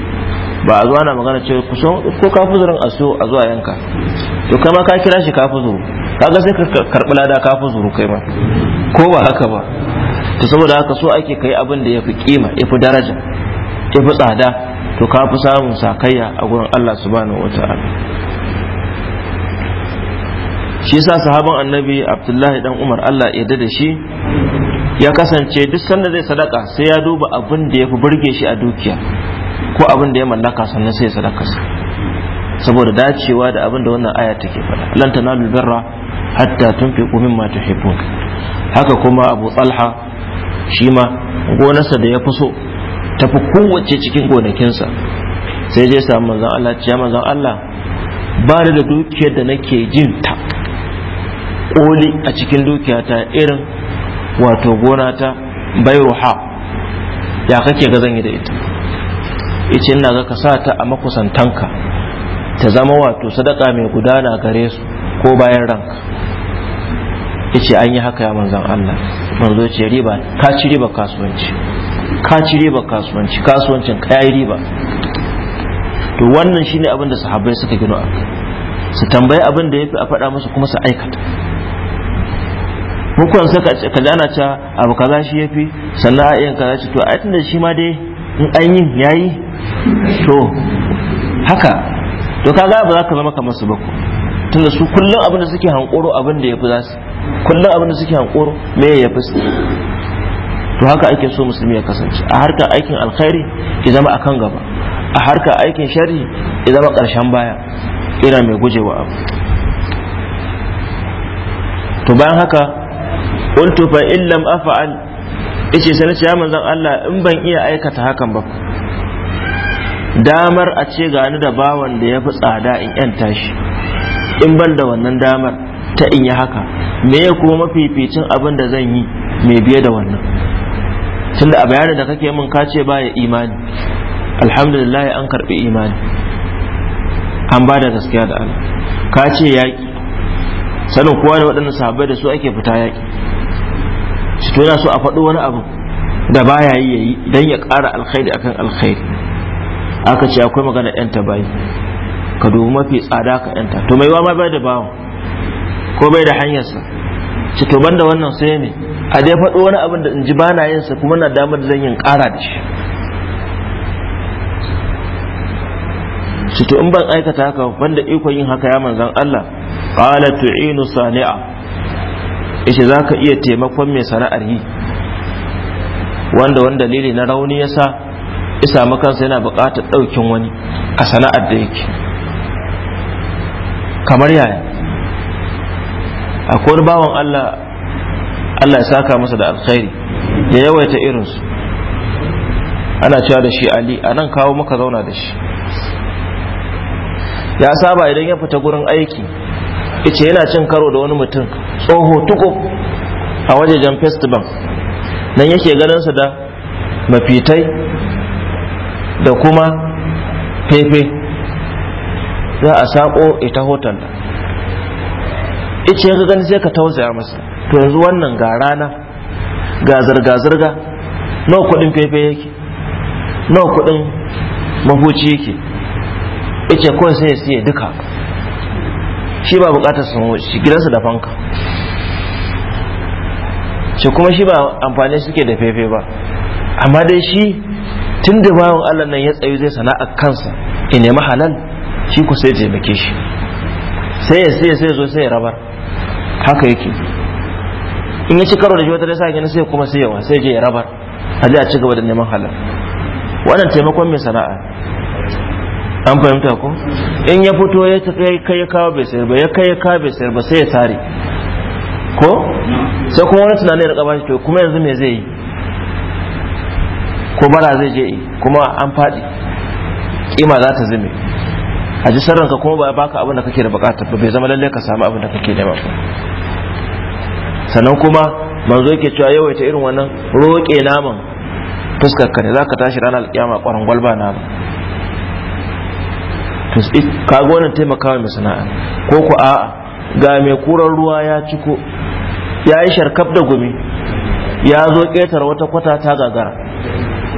ba a zuwa na magana cewa kusan ko kafuzurin a so a zuwa yanka to kai ma ka kira shi kafuzuru kaga sai ka karɓi lada kafuzuru kai ma ko ba haka ba to saboda haka so ake kai abin da ya fi kima ya fi daraja ya fi tsada to ka fi samun sakayya a gurin Allah subhanahu wata'ala shi sa sahaban annabi abdullahi dan umar Allah ya da shi ya kasance duk sanda zai sadaka sai ya duba abin da ya fi burge shi a dukiya ko abin da ya mallaka sannan sai ya sadaka saboda dacewa da abin da wannan aya take faɗa lan tanalu birra hatta tunfiqu mimma tuhibbun haka kuma abu Tsalha shi ma gonarsa da ya fi so tafi kowace cikin gonakinsa sai je samu manzon Allah ya manzon Allah ba da dukiyar da nake jin ta koli a cikin dukiyata irin wato gona ta bairuha ya kake ga zan yi da ita ice ina ga ka sa ta a makusantanka ta zama wato sadaka mai gudana gare su ko bayan ranka ce an yi haka ya manzan Allah manzo ce riba ka ci riba kasuwanci ka ci riba kasuwanci kasuwancin ka yi riba to wannan shine abin da sahabbai suka gino a su tambayi abin da yafi a faɗa musu kuma su aikata hukun saka ka dana ta abu kaza shi yafi sannan a iya kaza to a tunda shi ma dai in an yi yayi to haka to kaga ba za ka zama kamar su ba tunda su kullum abin da suke hankoro abin da yafi zasu kullum abin da suke hankoro me yafi su to haka ake so musulmi ya kasance a harkar aikin alkhairi ya zama akan gaba a harkar aikin shari ya zama karshen baya ina mai gujewa abu to bayan haka qultu fa in lam af'al yace sai nace ya manzon Allah in ban iya aikata hakan ba damar a ce gani da bawan da ya fi tsada in yan tashi in ban da wannan damar ta in yi haka me ya kuma mafificin abin da zan yi mai biye da wannan tunda a bayanin da kake min ka ce baya imani alhamdulillah an karbi imani an ba da gaskiya da Allah ka ce yaƙi sanin kowa da waɗannan sahabbai da su ake fita yaƙi shi to yana so a faɗo wani abu da baya yi yayi dan ya ƙara alkhairi akan alkhairi aka ce akwai magana yan bayi ka dubi mafi tsada ka yanta to mai ma bai da bawan ko bai da hanyarsa ci to banda wannan sai me a dai faɗo wani abin da in ji bana yin sa kuma na damar zan yin ƙara da shi ci to in ban aikata haka banda ikon yin haka ya manzan Allah qala tu'inu sani'a ishe zaka iya taimakon mai sana'ar yi wanda wani dalili na rauni yasa isa makansa yana buƙatar ɗaukin wani a sana'ar da yake kamar yaya akwai wani bawan Allah Allah ya saka masa da alkhairi ya yawaita irinsu ana cewa da shi ali a nan kawo maka zauna da shi ya saba idan ya fita gurin aiki ice yana cin karo da wani mutum tsoho tuko a wajejen festival nan yake ganinsa da mafitai da kuma fefe za a sako ita hoton nan ice ka gani sai ka tausaya masa to yanzu wannan ga rana ga zirga-zirga nawa kudin fefe yake nawa kudin mahuci yake ice kawai sai ya siya duka shi ba bukatar sun shi gidansa da fanka shi kuma shi ba amfani suke da fefe ba amma dai shi tun da bawan allah nan ya tsayu zai sana'a kansa in nemi halal shi ku sai taimake shi sai ya sai sai zo sai ya rabar haka yake in ya ci karo da shi wata sa gani sai kuma sai yawa sai je ya rabar a je a ci gaba da neman halar wannan taimakon mai sana'a an fahimta ko in ya fito ya kai ya kawo bai sayar ba ya kai ya kawo bai sayar ba sai ya tare ko sai kuma wani tunanin ya rikaba shi to kuma yanzu me zai yi ko bara zai je yi kuma an faɗi kima za ta zime a ji sarranka kuma ba baka abin da kake da bukata ba bai zama lalle ka samu abin da kake nema sannan kuma manzo yake cewa yawaita irin wannan roƙe naman fuskar ka ne zaka tashi ranar alƙiyama ƙwarin gwalba nama to kaga wannan taimakawa mai sana'a ko ku a'a ga mai kuran ruwa ya ciko ya yi sharkaf da gumi ya zo ƙetare wata kwata ta gagara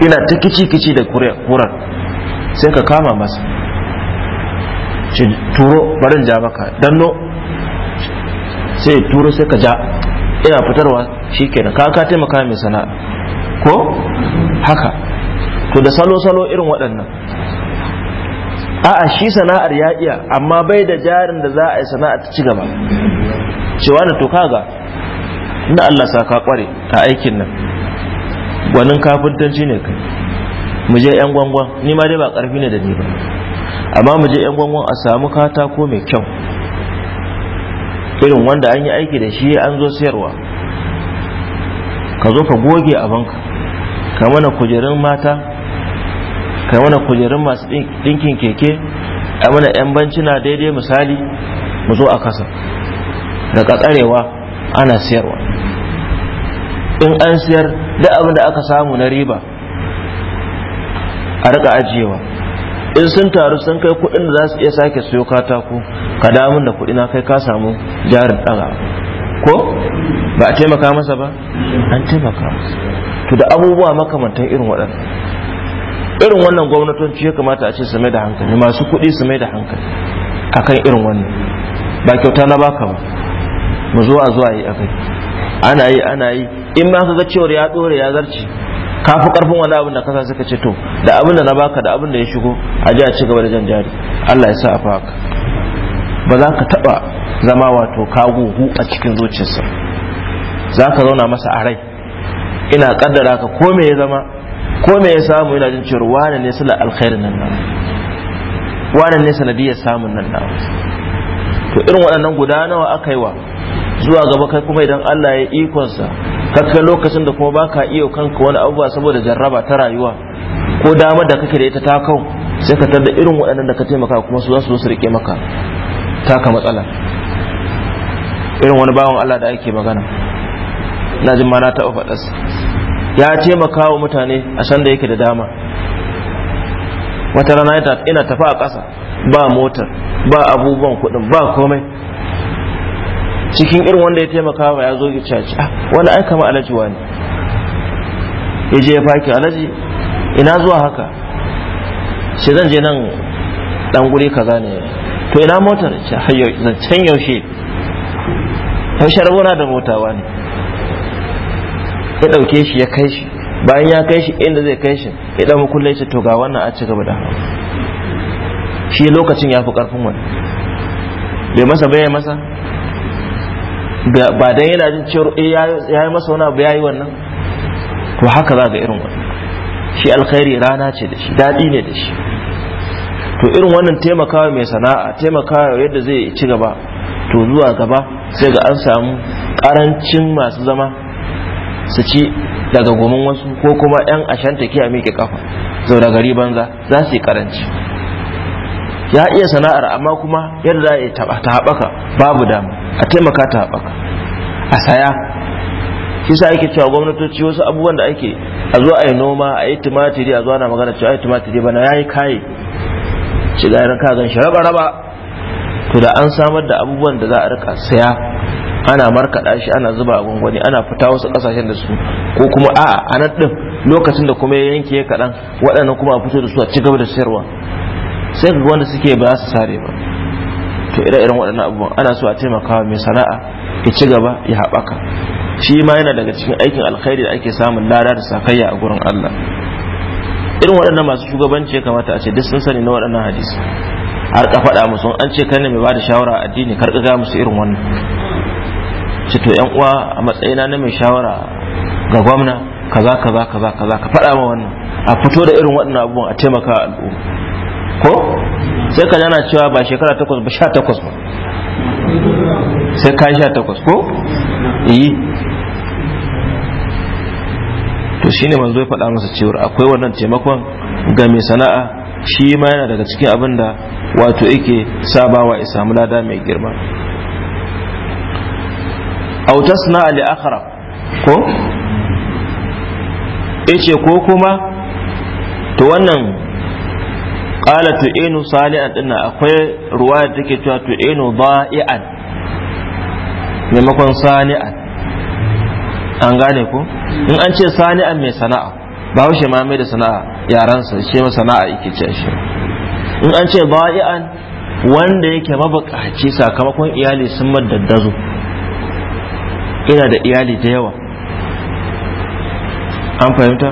ina ta kici kici da kurar sai ka kama masa ce turo barin ja maka danno sai turo sai ka ja ina fitarwa shikenan ka ka taimaka mai sana'a ko haka to da salo-salo irin waɗannan a'a shi sana'ar ya iya amma bai da jarin da za a yi sana'a ta ci gaba cewa na to kaga inda Allah sa ka kware a aikin nan gwanin kafintanci ne kai mu je yan gwangwan ni ma dai ba karfi ne da ni ba amma mu je yan gwangwan a samu katako mai kyau irin wanda an yi aiki da shi an zo sayarwa ka zo ka goge banka ka mana kujerun mata ka mana kujerun masu ɗinkin keke a mana 'yan bancina daidai misali mu zo a kasa da katsarewa ana sayarwa in an sayar da abin da aka samu na riba a rika ajiyewa in sun taru sun kai kuɗin da za su iya sake siyo katako ka damun da kuɗi na kai ka samu jarin ɗaga ko ba a taimaka masa ba an taimaka masa to da abubuwa makamantan irin waɗanda irin wannan gwamnatoci ya kamata a ce su mai da hankali masu kuɗi su mai da hankali akan irin wannan ba kyauta na baka ba mu zuwa zuwa yi a kai ana yi ana yi in ma ka ga cewar ya ɗore ya zarce ka fi karfin wani abin da kasa suka ce to da abin da na baka da abin da ya shigo a ji a ci gaba da jan jari Allah ya sa a faka ba za ka taba zama wato ka gugu a cikin zuciyarsa za ka zauna masa a rai ina kaddara ka ko me ya zama ko me ya samu ina jin cewa wane ne sala alkhairin nan nawa wane ne sanadiyar samun nan nawa to irin waɗannan guda nawa aka yi wa zuwa gaba kai kuma idan Allah ya ikonsa kakkan lokacin da kuma ba ka iya kanka wani abubuwa saboda jarraba ta rayuwa ko dama da kake da ita ta kau sai ka tarda irin waɗannan da ka taimaka kuma su za su rike maka taka matsala irin wani bawan Allah da ake magana na jin ma na taɓa faɗas ya taimaka wa mutane a san da yake da dama wata rana ina tafa a ƙasa ba motar ba abubuwan kuɗin ba komai cikin irin wanda ya taimaka wa ya zo ya ce ah, wani ai kama alaji wani ya je ya faki alaji ina zuwa haka shi zan je nan dan guri kaza ne to ina motar ce zan can yaushe yaushe sharbona da motawa ne ya dauke shi ya kai shi bayan ya kai shi inda zai kai shi ya dan kulle shi to ga wannan a ci gaba da hawa shi lokacin ya fi karfin wani bai masa bai masa ba dan yana jin cewa eh yayi masa wani abu yayi wannan to haka za ga irin wannan shi alkhairi rana ce da shi dadi ne da shi to irin wannan taimakawa mai sana'a taimakawa yadda zai ci gaba to zuwa gaba sai ga an samu karancin masu zama su ci daga gomin wasu ko kuma 'yan ashanta ke a miƙe kafa zaune gari banza za su yi karanci ya iya sana'ar amma kuma yadda za a yi ta haɓaka babu dama a taimaka ta haɓaka a saya shi sa ake cewa gwamnatoci wasu abubuwan da ake a zo a yi noma a yi tumatiri a zo na magana cewa a yi tumatiri bana ya yi kaye shiga yaran kagan shi raba raba to da an samar da abubuwan da za a rika saya ana markaɗa shi ana zuba a gwangwani ana fita wasu ƙasashen da su ko kuma a nan ɗin lokacin da kuma ya yanke ya kaɗan waɗannan kuma a fito da su a ci gaba da sayarwa sai ga wanda suke ba su sare ba to ire-iren waɗannan abubuwan ana so a taimaka mai sana'a ya ci gaba ya haɓaka shi ma yana daga cikin aikin alkhairi da ake samun lada da sakayya a gurin Allah irin waɗannan masu shugabanci ya kamata a ce duk sun sani na waɗannan hadisi har ka faɗa musu an ce kai ne mai bada shawara addini kar ga musu irin wannan ce to yan uwa a matsayina na mai shawara ga gwamna kaza kaza kaza kaza ka faɗa ma wannan a fito da irin waɗannan abubuwan a taimaka al'umma ko sai ka jana cewa ba shekara takwas ba sha takwas ba sai ka sha takwas ko yi to ne manzo ya faɗa masa cewar akwai wannan taimakon ga mai sana'a shi ma yana daga cikin abin da wato yake sabawa ya samu lada mai girma aw na li akhara ko ce ko kuma to wannan qala tu'inu sali'an dinnan akwai ruwa da take cewa tu'inu ba'ian, maimakon sani'an an gane ko in an ce sani'an mai sana'a ba haushe ma mai da sana'a yaransa shi ma sana'a yake ce shi in an ce bai'an wanda yake mabukaci sakamakon iyali sun maddaddazo ina da iyali da yawa an fahimta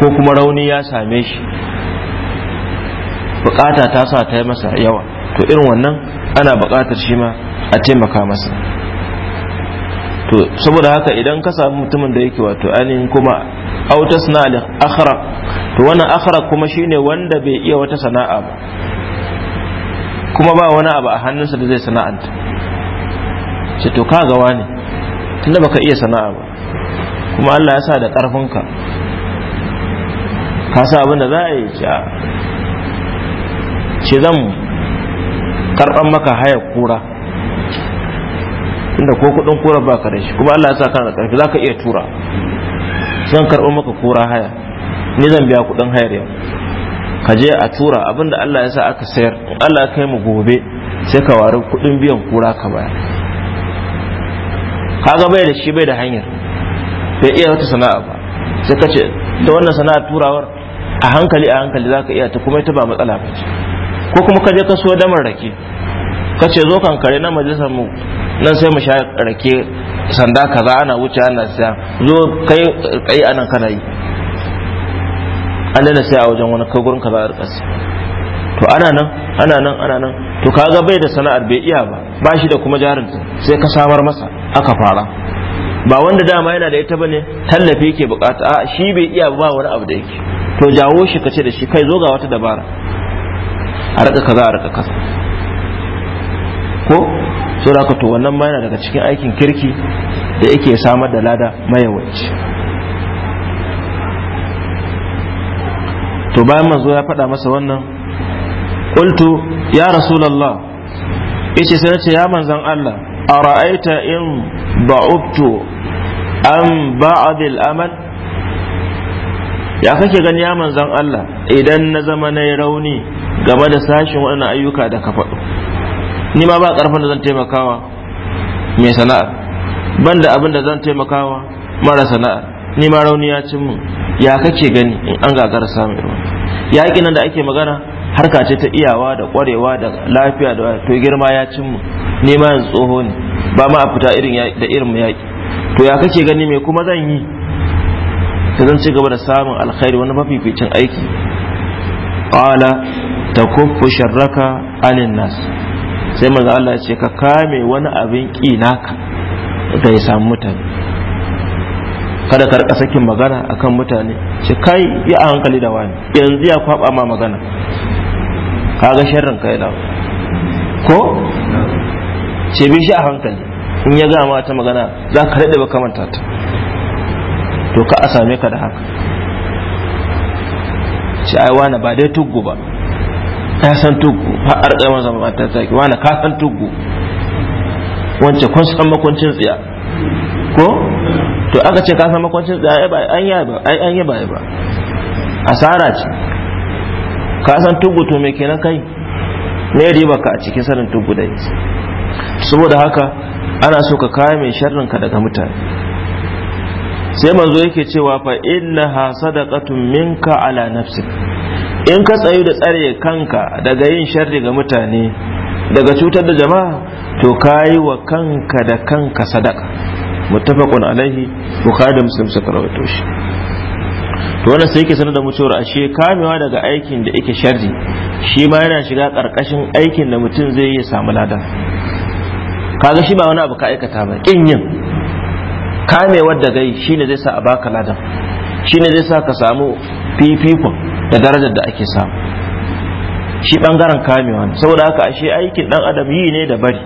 ko kuma rauni ya same shi bukata ta sa ta yi masa yawa to irin wannan ana bukatar shi ma a taimaka masa to saboda haka idan ka samu mutumin da yake wato ainihin kuma auta da akhara to wannan akhara kuma shine wanda bai iya wata sana'a ba kuma ba wani abu a hannunsa da zai sana'anta ce to ka gawa ne tunda baka iya sana'a ba kuma Allah ya sa da ƙarfinka. ka sa abin da za a yi ce zan karɓar maka haya kura inda ko kuɗin kura ba ka da shi kuma Allah ya sa kana karfi ƙarfi za ka iya tura zan karɓar maka kura haya ni zan biya kuɗin hayar yau ka je a tura abinda Allah ya sa aka sayar in Allah ya kai mu gobe sai ka wari kuɗin biyan kura ka baya kaga bai da shi bai da hanyar bai iya wata sana'a ba sai ka ce da wannan sana'a turawar a hankali a hankali za ka iya ta kuma ita ba matsala ba ce ko kuma ka je ka so damar rake ka ce zo kan kare na majalisar mu nan sai mu sha rake sanda kaza ana wuce ana siya zo kai kai anan kana yi an dana sai a wajen wani ka gurin kaza a rikasi to ana nan ana nan ana nan to kaga bai da sana'ar bai iya ba ba shi da kuma jarin sai ka samar masa aka fara ba wanda dama yana da ita bane tallafi yake bukata a shi bai iya ba wani abu da yake to jawo shi kace da shi kai zo ga wata dabara a raka kaza a raka kaza ko so da to wannan ma daga cikin aikin kirki da yake samar da lada mayawanci to bayan manzo ya faɗa masa wannan qultu ya rasulullah yace sai ce ya manzon Allah A ra'aita in ba'ubtu am ba'd al-amal ya kake gani ya manzan Allah idan na zama na rauni game da sashin waɗannan ayyuka da ka faɗo ni ma ba ƙarfin da zan taimakawa mai sana'ar ban da abin da zan taimakawa mara sana'ar ni ma rauni ya cin mun ya kake gani in an gagara samun ruwa yaƙi nan da ake magana harka ce ta iyawa da ƙwarewa da lafiya da to girma ya cin mu ni ma yanzu tsoho ne ba ma a fita irin da irin mu yaƙi to ya kake gani me kuma zan yi da zan ci gaba da samun alkhairi wani mafificin aiki ta takuffu sharraka anin nas sai maza Allah ce ka kame wani abin ki naka da ya samu mutane kada ka rika sakin magana akan mutane ce kai yi a hankali da wani yanzu ya kwaba ma magana Ka ga sharrin kai da ko ce bi shi a hankali in ya gama ta magana za ka daɗe ba kamanta ta to ka a same ka da haka ce ai wani ba dai tuggu ba ka san tuggu har arƙa maza ba ta taki wani ka san tuggu wance kun san makwancin tsiya ko to aka ce ka san makwancin tsiya an yi ba ai an yi ba ba asara ce ka san tuggu to me kenan kai me riba ka a cikin sanin tuggu dai saboda haka ana so ka mai sharrin ka daga mutane sai manzo yake cewa fa ha sadaqatun minka ala nafsi in ka tsayu da tsare kanka daga yin sharri ga mutane daga cutar da jama'a to kayi wa kanka da kanka sadaka muttafaqun alaihi bukhari muslim suka rawaito shi to wannan sai yake sanar da mutuwar cewa ashe kamewa daga aikin da yake sharri shi ma yana shiga karkashin aikin da mutum zai yi samu lada. kaga shi ba wani abu ka aikata ba kin yin kamewar da gai shine zai sa a baka ladan shine zai sa ka samu fifikon da darajar da ake samu shi bangaren kamewa ne saboda haka ashe aikin dan adam yi ne da bari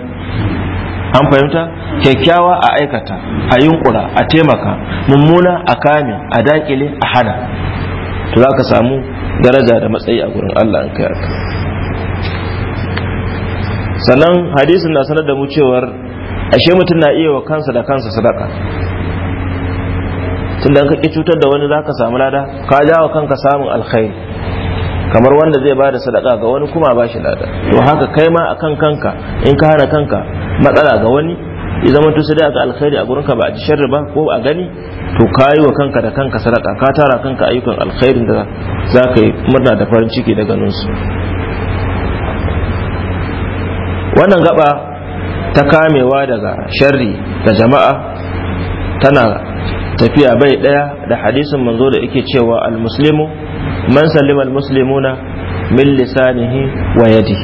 an fahimta kyakkyawa a aikata a yunkura a taimaka mummuna a kame a dakile a hana to za ka samu daraja da matsayi a gurin Allah an kai sannan hadisin na sanar da mu ashe mutum na iya wa kansa da kansa sadaka tunda ka ki cutar da wani za ka samu lada ka jawo kanka samun alkhairi kamar wanda zai bada sadaka ga wani kuma ba shi lada to haka kai ma akan kanka in ka hana kanka matsala ga wani ya zama to sadaka ga alkhairi a gurinka ba a ji sharri ba ko a gani to ka yi wa kanka da kanka sadaka ka tara kanka ayyukan alkhairi da za ka yi murna da farin ciki da ganin su wannan gaba ta kamewa daga sharri da jama'a tana tafiya bai daya da hadisin manzo da yake cewa almuslimu man sallima almuslimuna min lisanihi wa yadi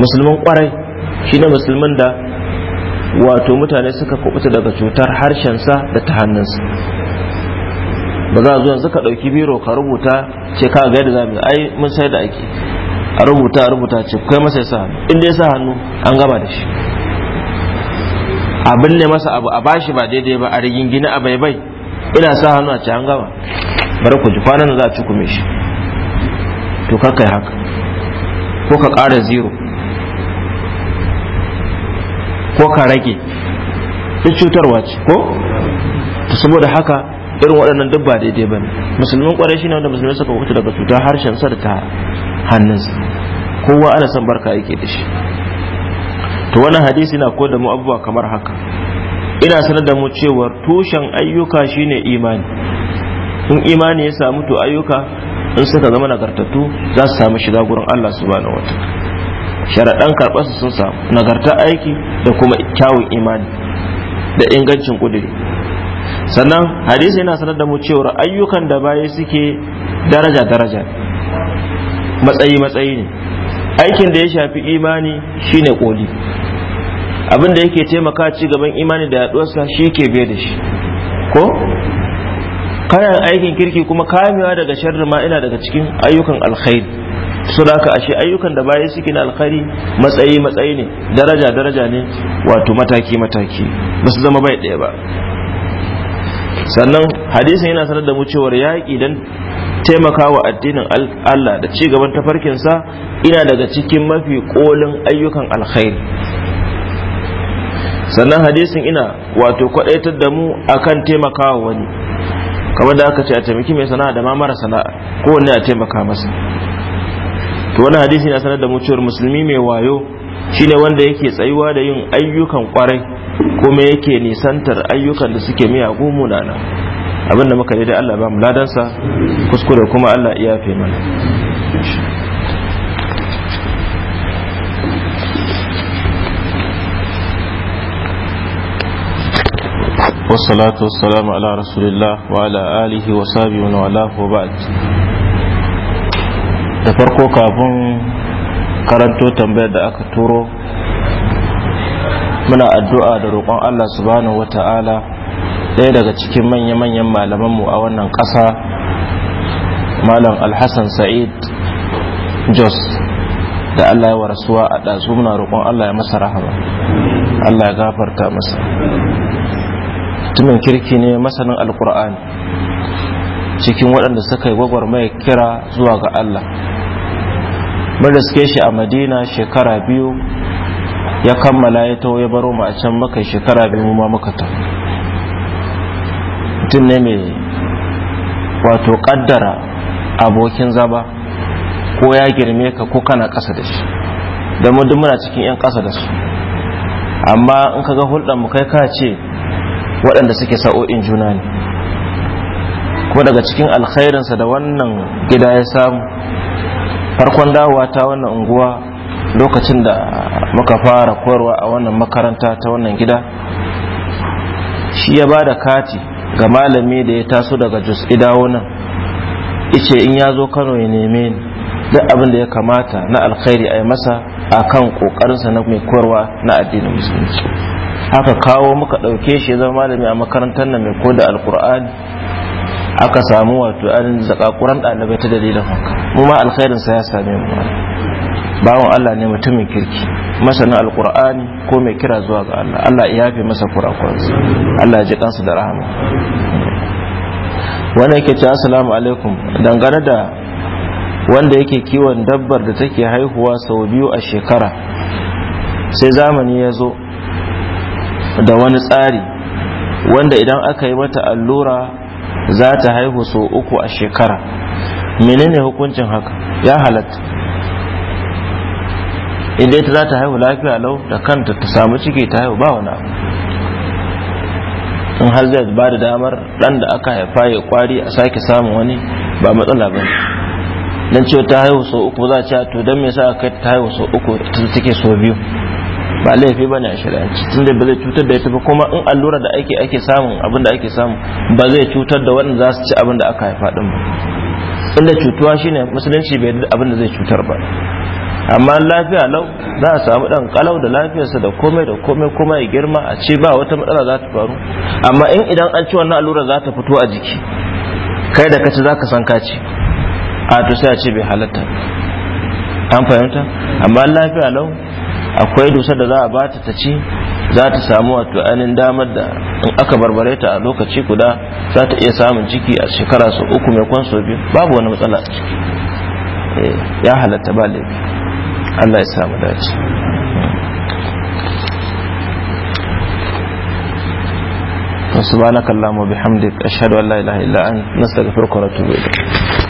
musulman kwarai shine musulmin da wato mutane suka kubuta daga cutar harshensa da ta hannunsa ba za a zuwa suka ɗauki biro ka rubuta ce ka ga yadda za mu ai mun sai da ake a rubuta rubuta ce kai masa ya sa hannu in ya sa hannu an gaba da shi a binne masa abu a bashi ba daidai ba a rigingine a bai bai ina sa hannu a ci gaba bari ku ji kwanan za a cikume shi to kakai haka ko ka ƙara zero ko ka rage duk cutarwa ce ko saboda haka irin waɗannan duk ba daidai ba ne musulmin ƙwarai shi ne wanda musulmai suka hutu daga cutar harshen sa da ta hannunsa kowa ana son barka yake da shi to wani hadisi na koda mu abubuwa kamar haka ina sanar da mu cewar tushen ayyuka shine imani in imani ya samu to ayyuka in suka zama nagartattu za su samu shiga gurin Allah subhanahu wataala sharaɗan karɓarsu sun samu nagarta aiki da kuma kyawun imani da ingancin ƙuduri sannan hadisi yana sanar da mu cewar ayyukan da baya suke daraja daraja matsayi matsayi ne aikin da ya shafi imani shine koli abin da yake taimaka ci gaban imani da yaduwarsa shi ke biye da shi ko kana aikin kirki kuma kamewa daga sharri ma ina daga cikin ayyukan alkhairi su da ashe ayyukan da baya suke na alkhairi matsayi matsayi ne daraja daraja ne wato mataki mataki ba su zama bai ɗaya ba sannan hadisin yana sanar da mu cewar yaƙi don taimakawa addinin Allah da cigaban gaban tafarkinsa ina daga cikin mafi kolin ayyukan alkhairi sannan hadisin ina wato kwadaitar da mu akan taimakawa wani kamar da aka ce a taimaki mai sana'a da ma mara sana'a wanne a taimaka masa to wani hadisi na sanar da mu cewa musulmi mai wayo shine wanda yake tsayuwa da yin ayyukan kwarai kuma yake nisantar ayyukan da suke miyagun munana abinda muka yi da Allah ba mu ladansa kuskure kuma Allah iya fe mana والصلاة والسلام على رسول الله وعلى آله وصحبه ومن وبعد da farko kafin karanto tambayar da aka turo muna addu'a da roƙon Allah subhanahu ta'ala ɗaya daga cikin manya-manyan malamanmu a wannan ƙasa malam alhassan sa'id jos da Allah ya warasuwa a ɗazu muna roƙon Allah ya masa rahama Allah ya gafarta masa mutumin kirki ne masanin alkur'ani cikin waɗanda suka yi gwagwarmaya kira zuwa ga allah mun suke shi a madina shekara biyu ya kammala ya taho ya baro mu a can maka shekara biyu ma muka ta mutum ne mai wato kaddara abokin zaba ko ya girme ka ko kana kasa da shi da muna cikin 'yan ƙasa da su amma in ka ga hulɗar mu kai ka ce waɗanda suke sa'o'in juna ne kuma daga cikin alkhairinsa da wannan gida ya samu farkon dawowa ta wannan unguwa lokacin da muka fara koyarwa a wannan makaranta ta wannan gida shi ya ba da kati ga malami da ya taso daga jos idawo nan ice in ya zo kano ya neme ni duk abin da ya kamata na alkhairi a yi masa a kan ƙoƙarinsa na mai koyarwa na addinin musulunci aka kawo muka ɗauke shi zama malami a makarantar nan mai koda alkur'ani aka samu wato ainihin zakakuran ɗalibai ta dalilin haka mu ma alkhairin sa ya same mu bawon Allah ne mutumin kirki masanin alkur'ani ko mai kira zuwa ga Allah Allah ya yafe masa kurakuransa Allah ya ji kansa da rahama wannan yake ce assalamu alaikum dangane da wanda yake kiwon dabbar da take haihuwa sau biyu a shekara sai zamani ya zo da wani tsari wanda idan aka yi mata allura za ta haihu so uku a shekara menene hukuncin haka ya halatta inda ita za ta haihu lafiya lau da kanta ta samu ciki ta haihu ba wani abu in har zai ba da damar dan da aka haifa ya kwari a sake samun wani ba matsala ba dan cewa ta haihu so uku za a ce to don me sa aka ta haihu so uku ta take so biyu ba laifi bane a shari'anci tunda ba zai cutar da ya tafi kuma in allura da ake ake samun abin da ake samu ba zai cutar da wani za su ci abin da aka haifa din ba inda cutuwa shine musulunci bai da abin da zai cutar ba amma lafiya lau za a samu dan kalau da lafiyarsa da komai da komai kuma ya girma a ce ba wata matsala za ta faru amma in idan an ci wannan allura za ta fito a jiki kai da kace za ka san ci. a to sai a ce bai halatta an fahimta amma lafiya lau akwai dusar da za a bata ta ci za ta samu wato ainihin damar da in aka barbare ta a lokaci guda za ta iya samun ciki a shekara su uku mai kwan sau biyu babu wani matsala a ciki eh, ya halatta ba laifi Allah ya samu dace سبحانك اللهم وبحمدك أشهد أن لا إله إلا أنت نستغفرك ونتوب إليك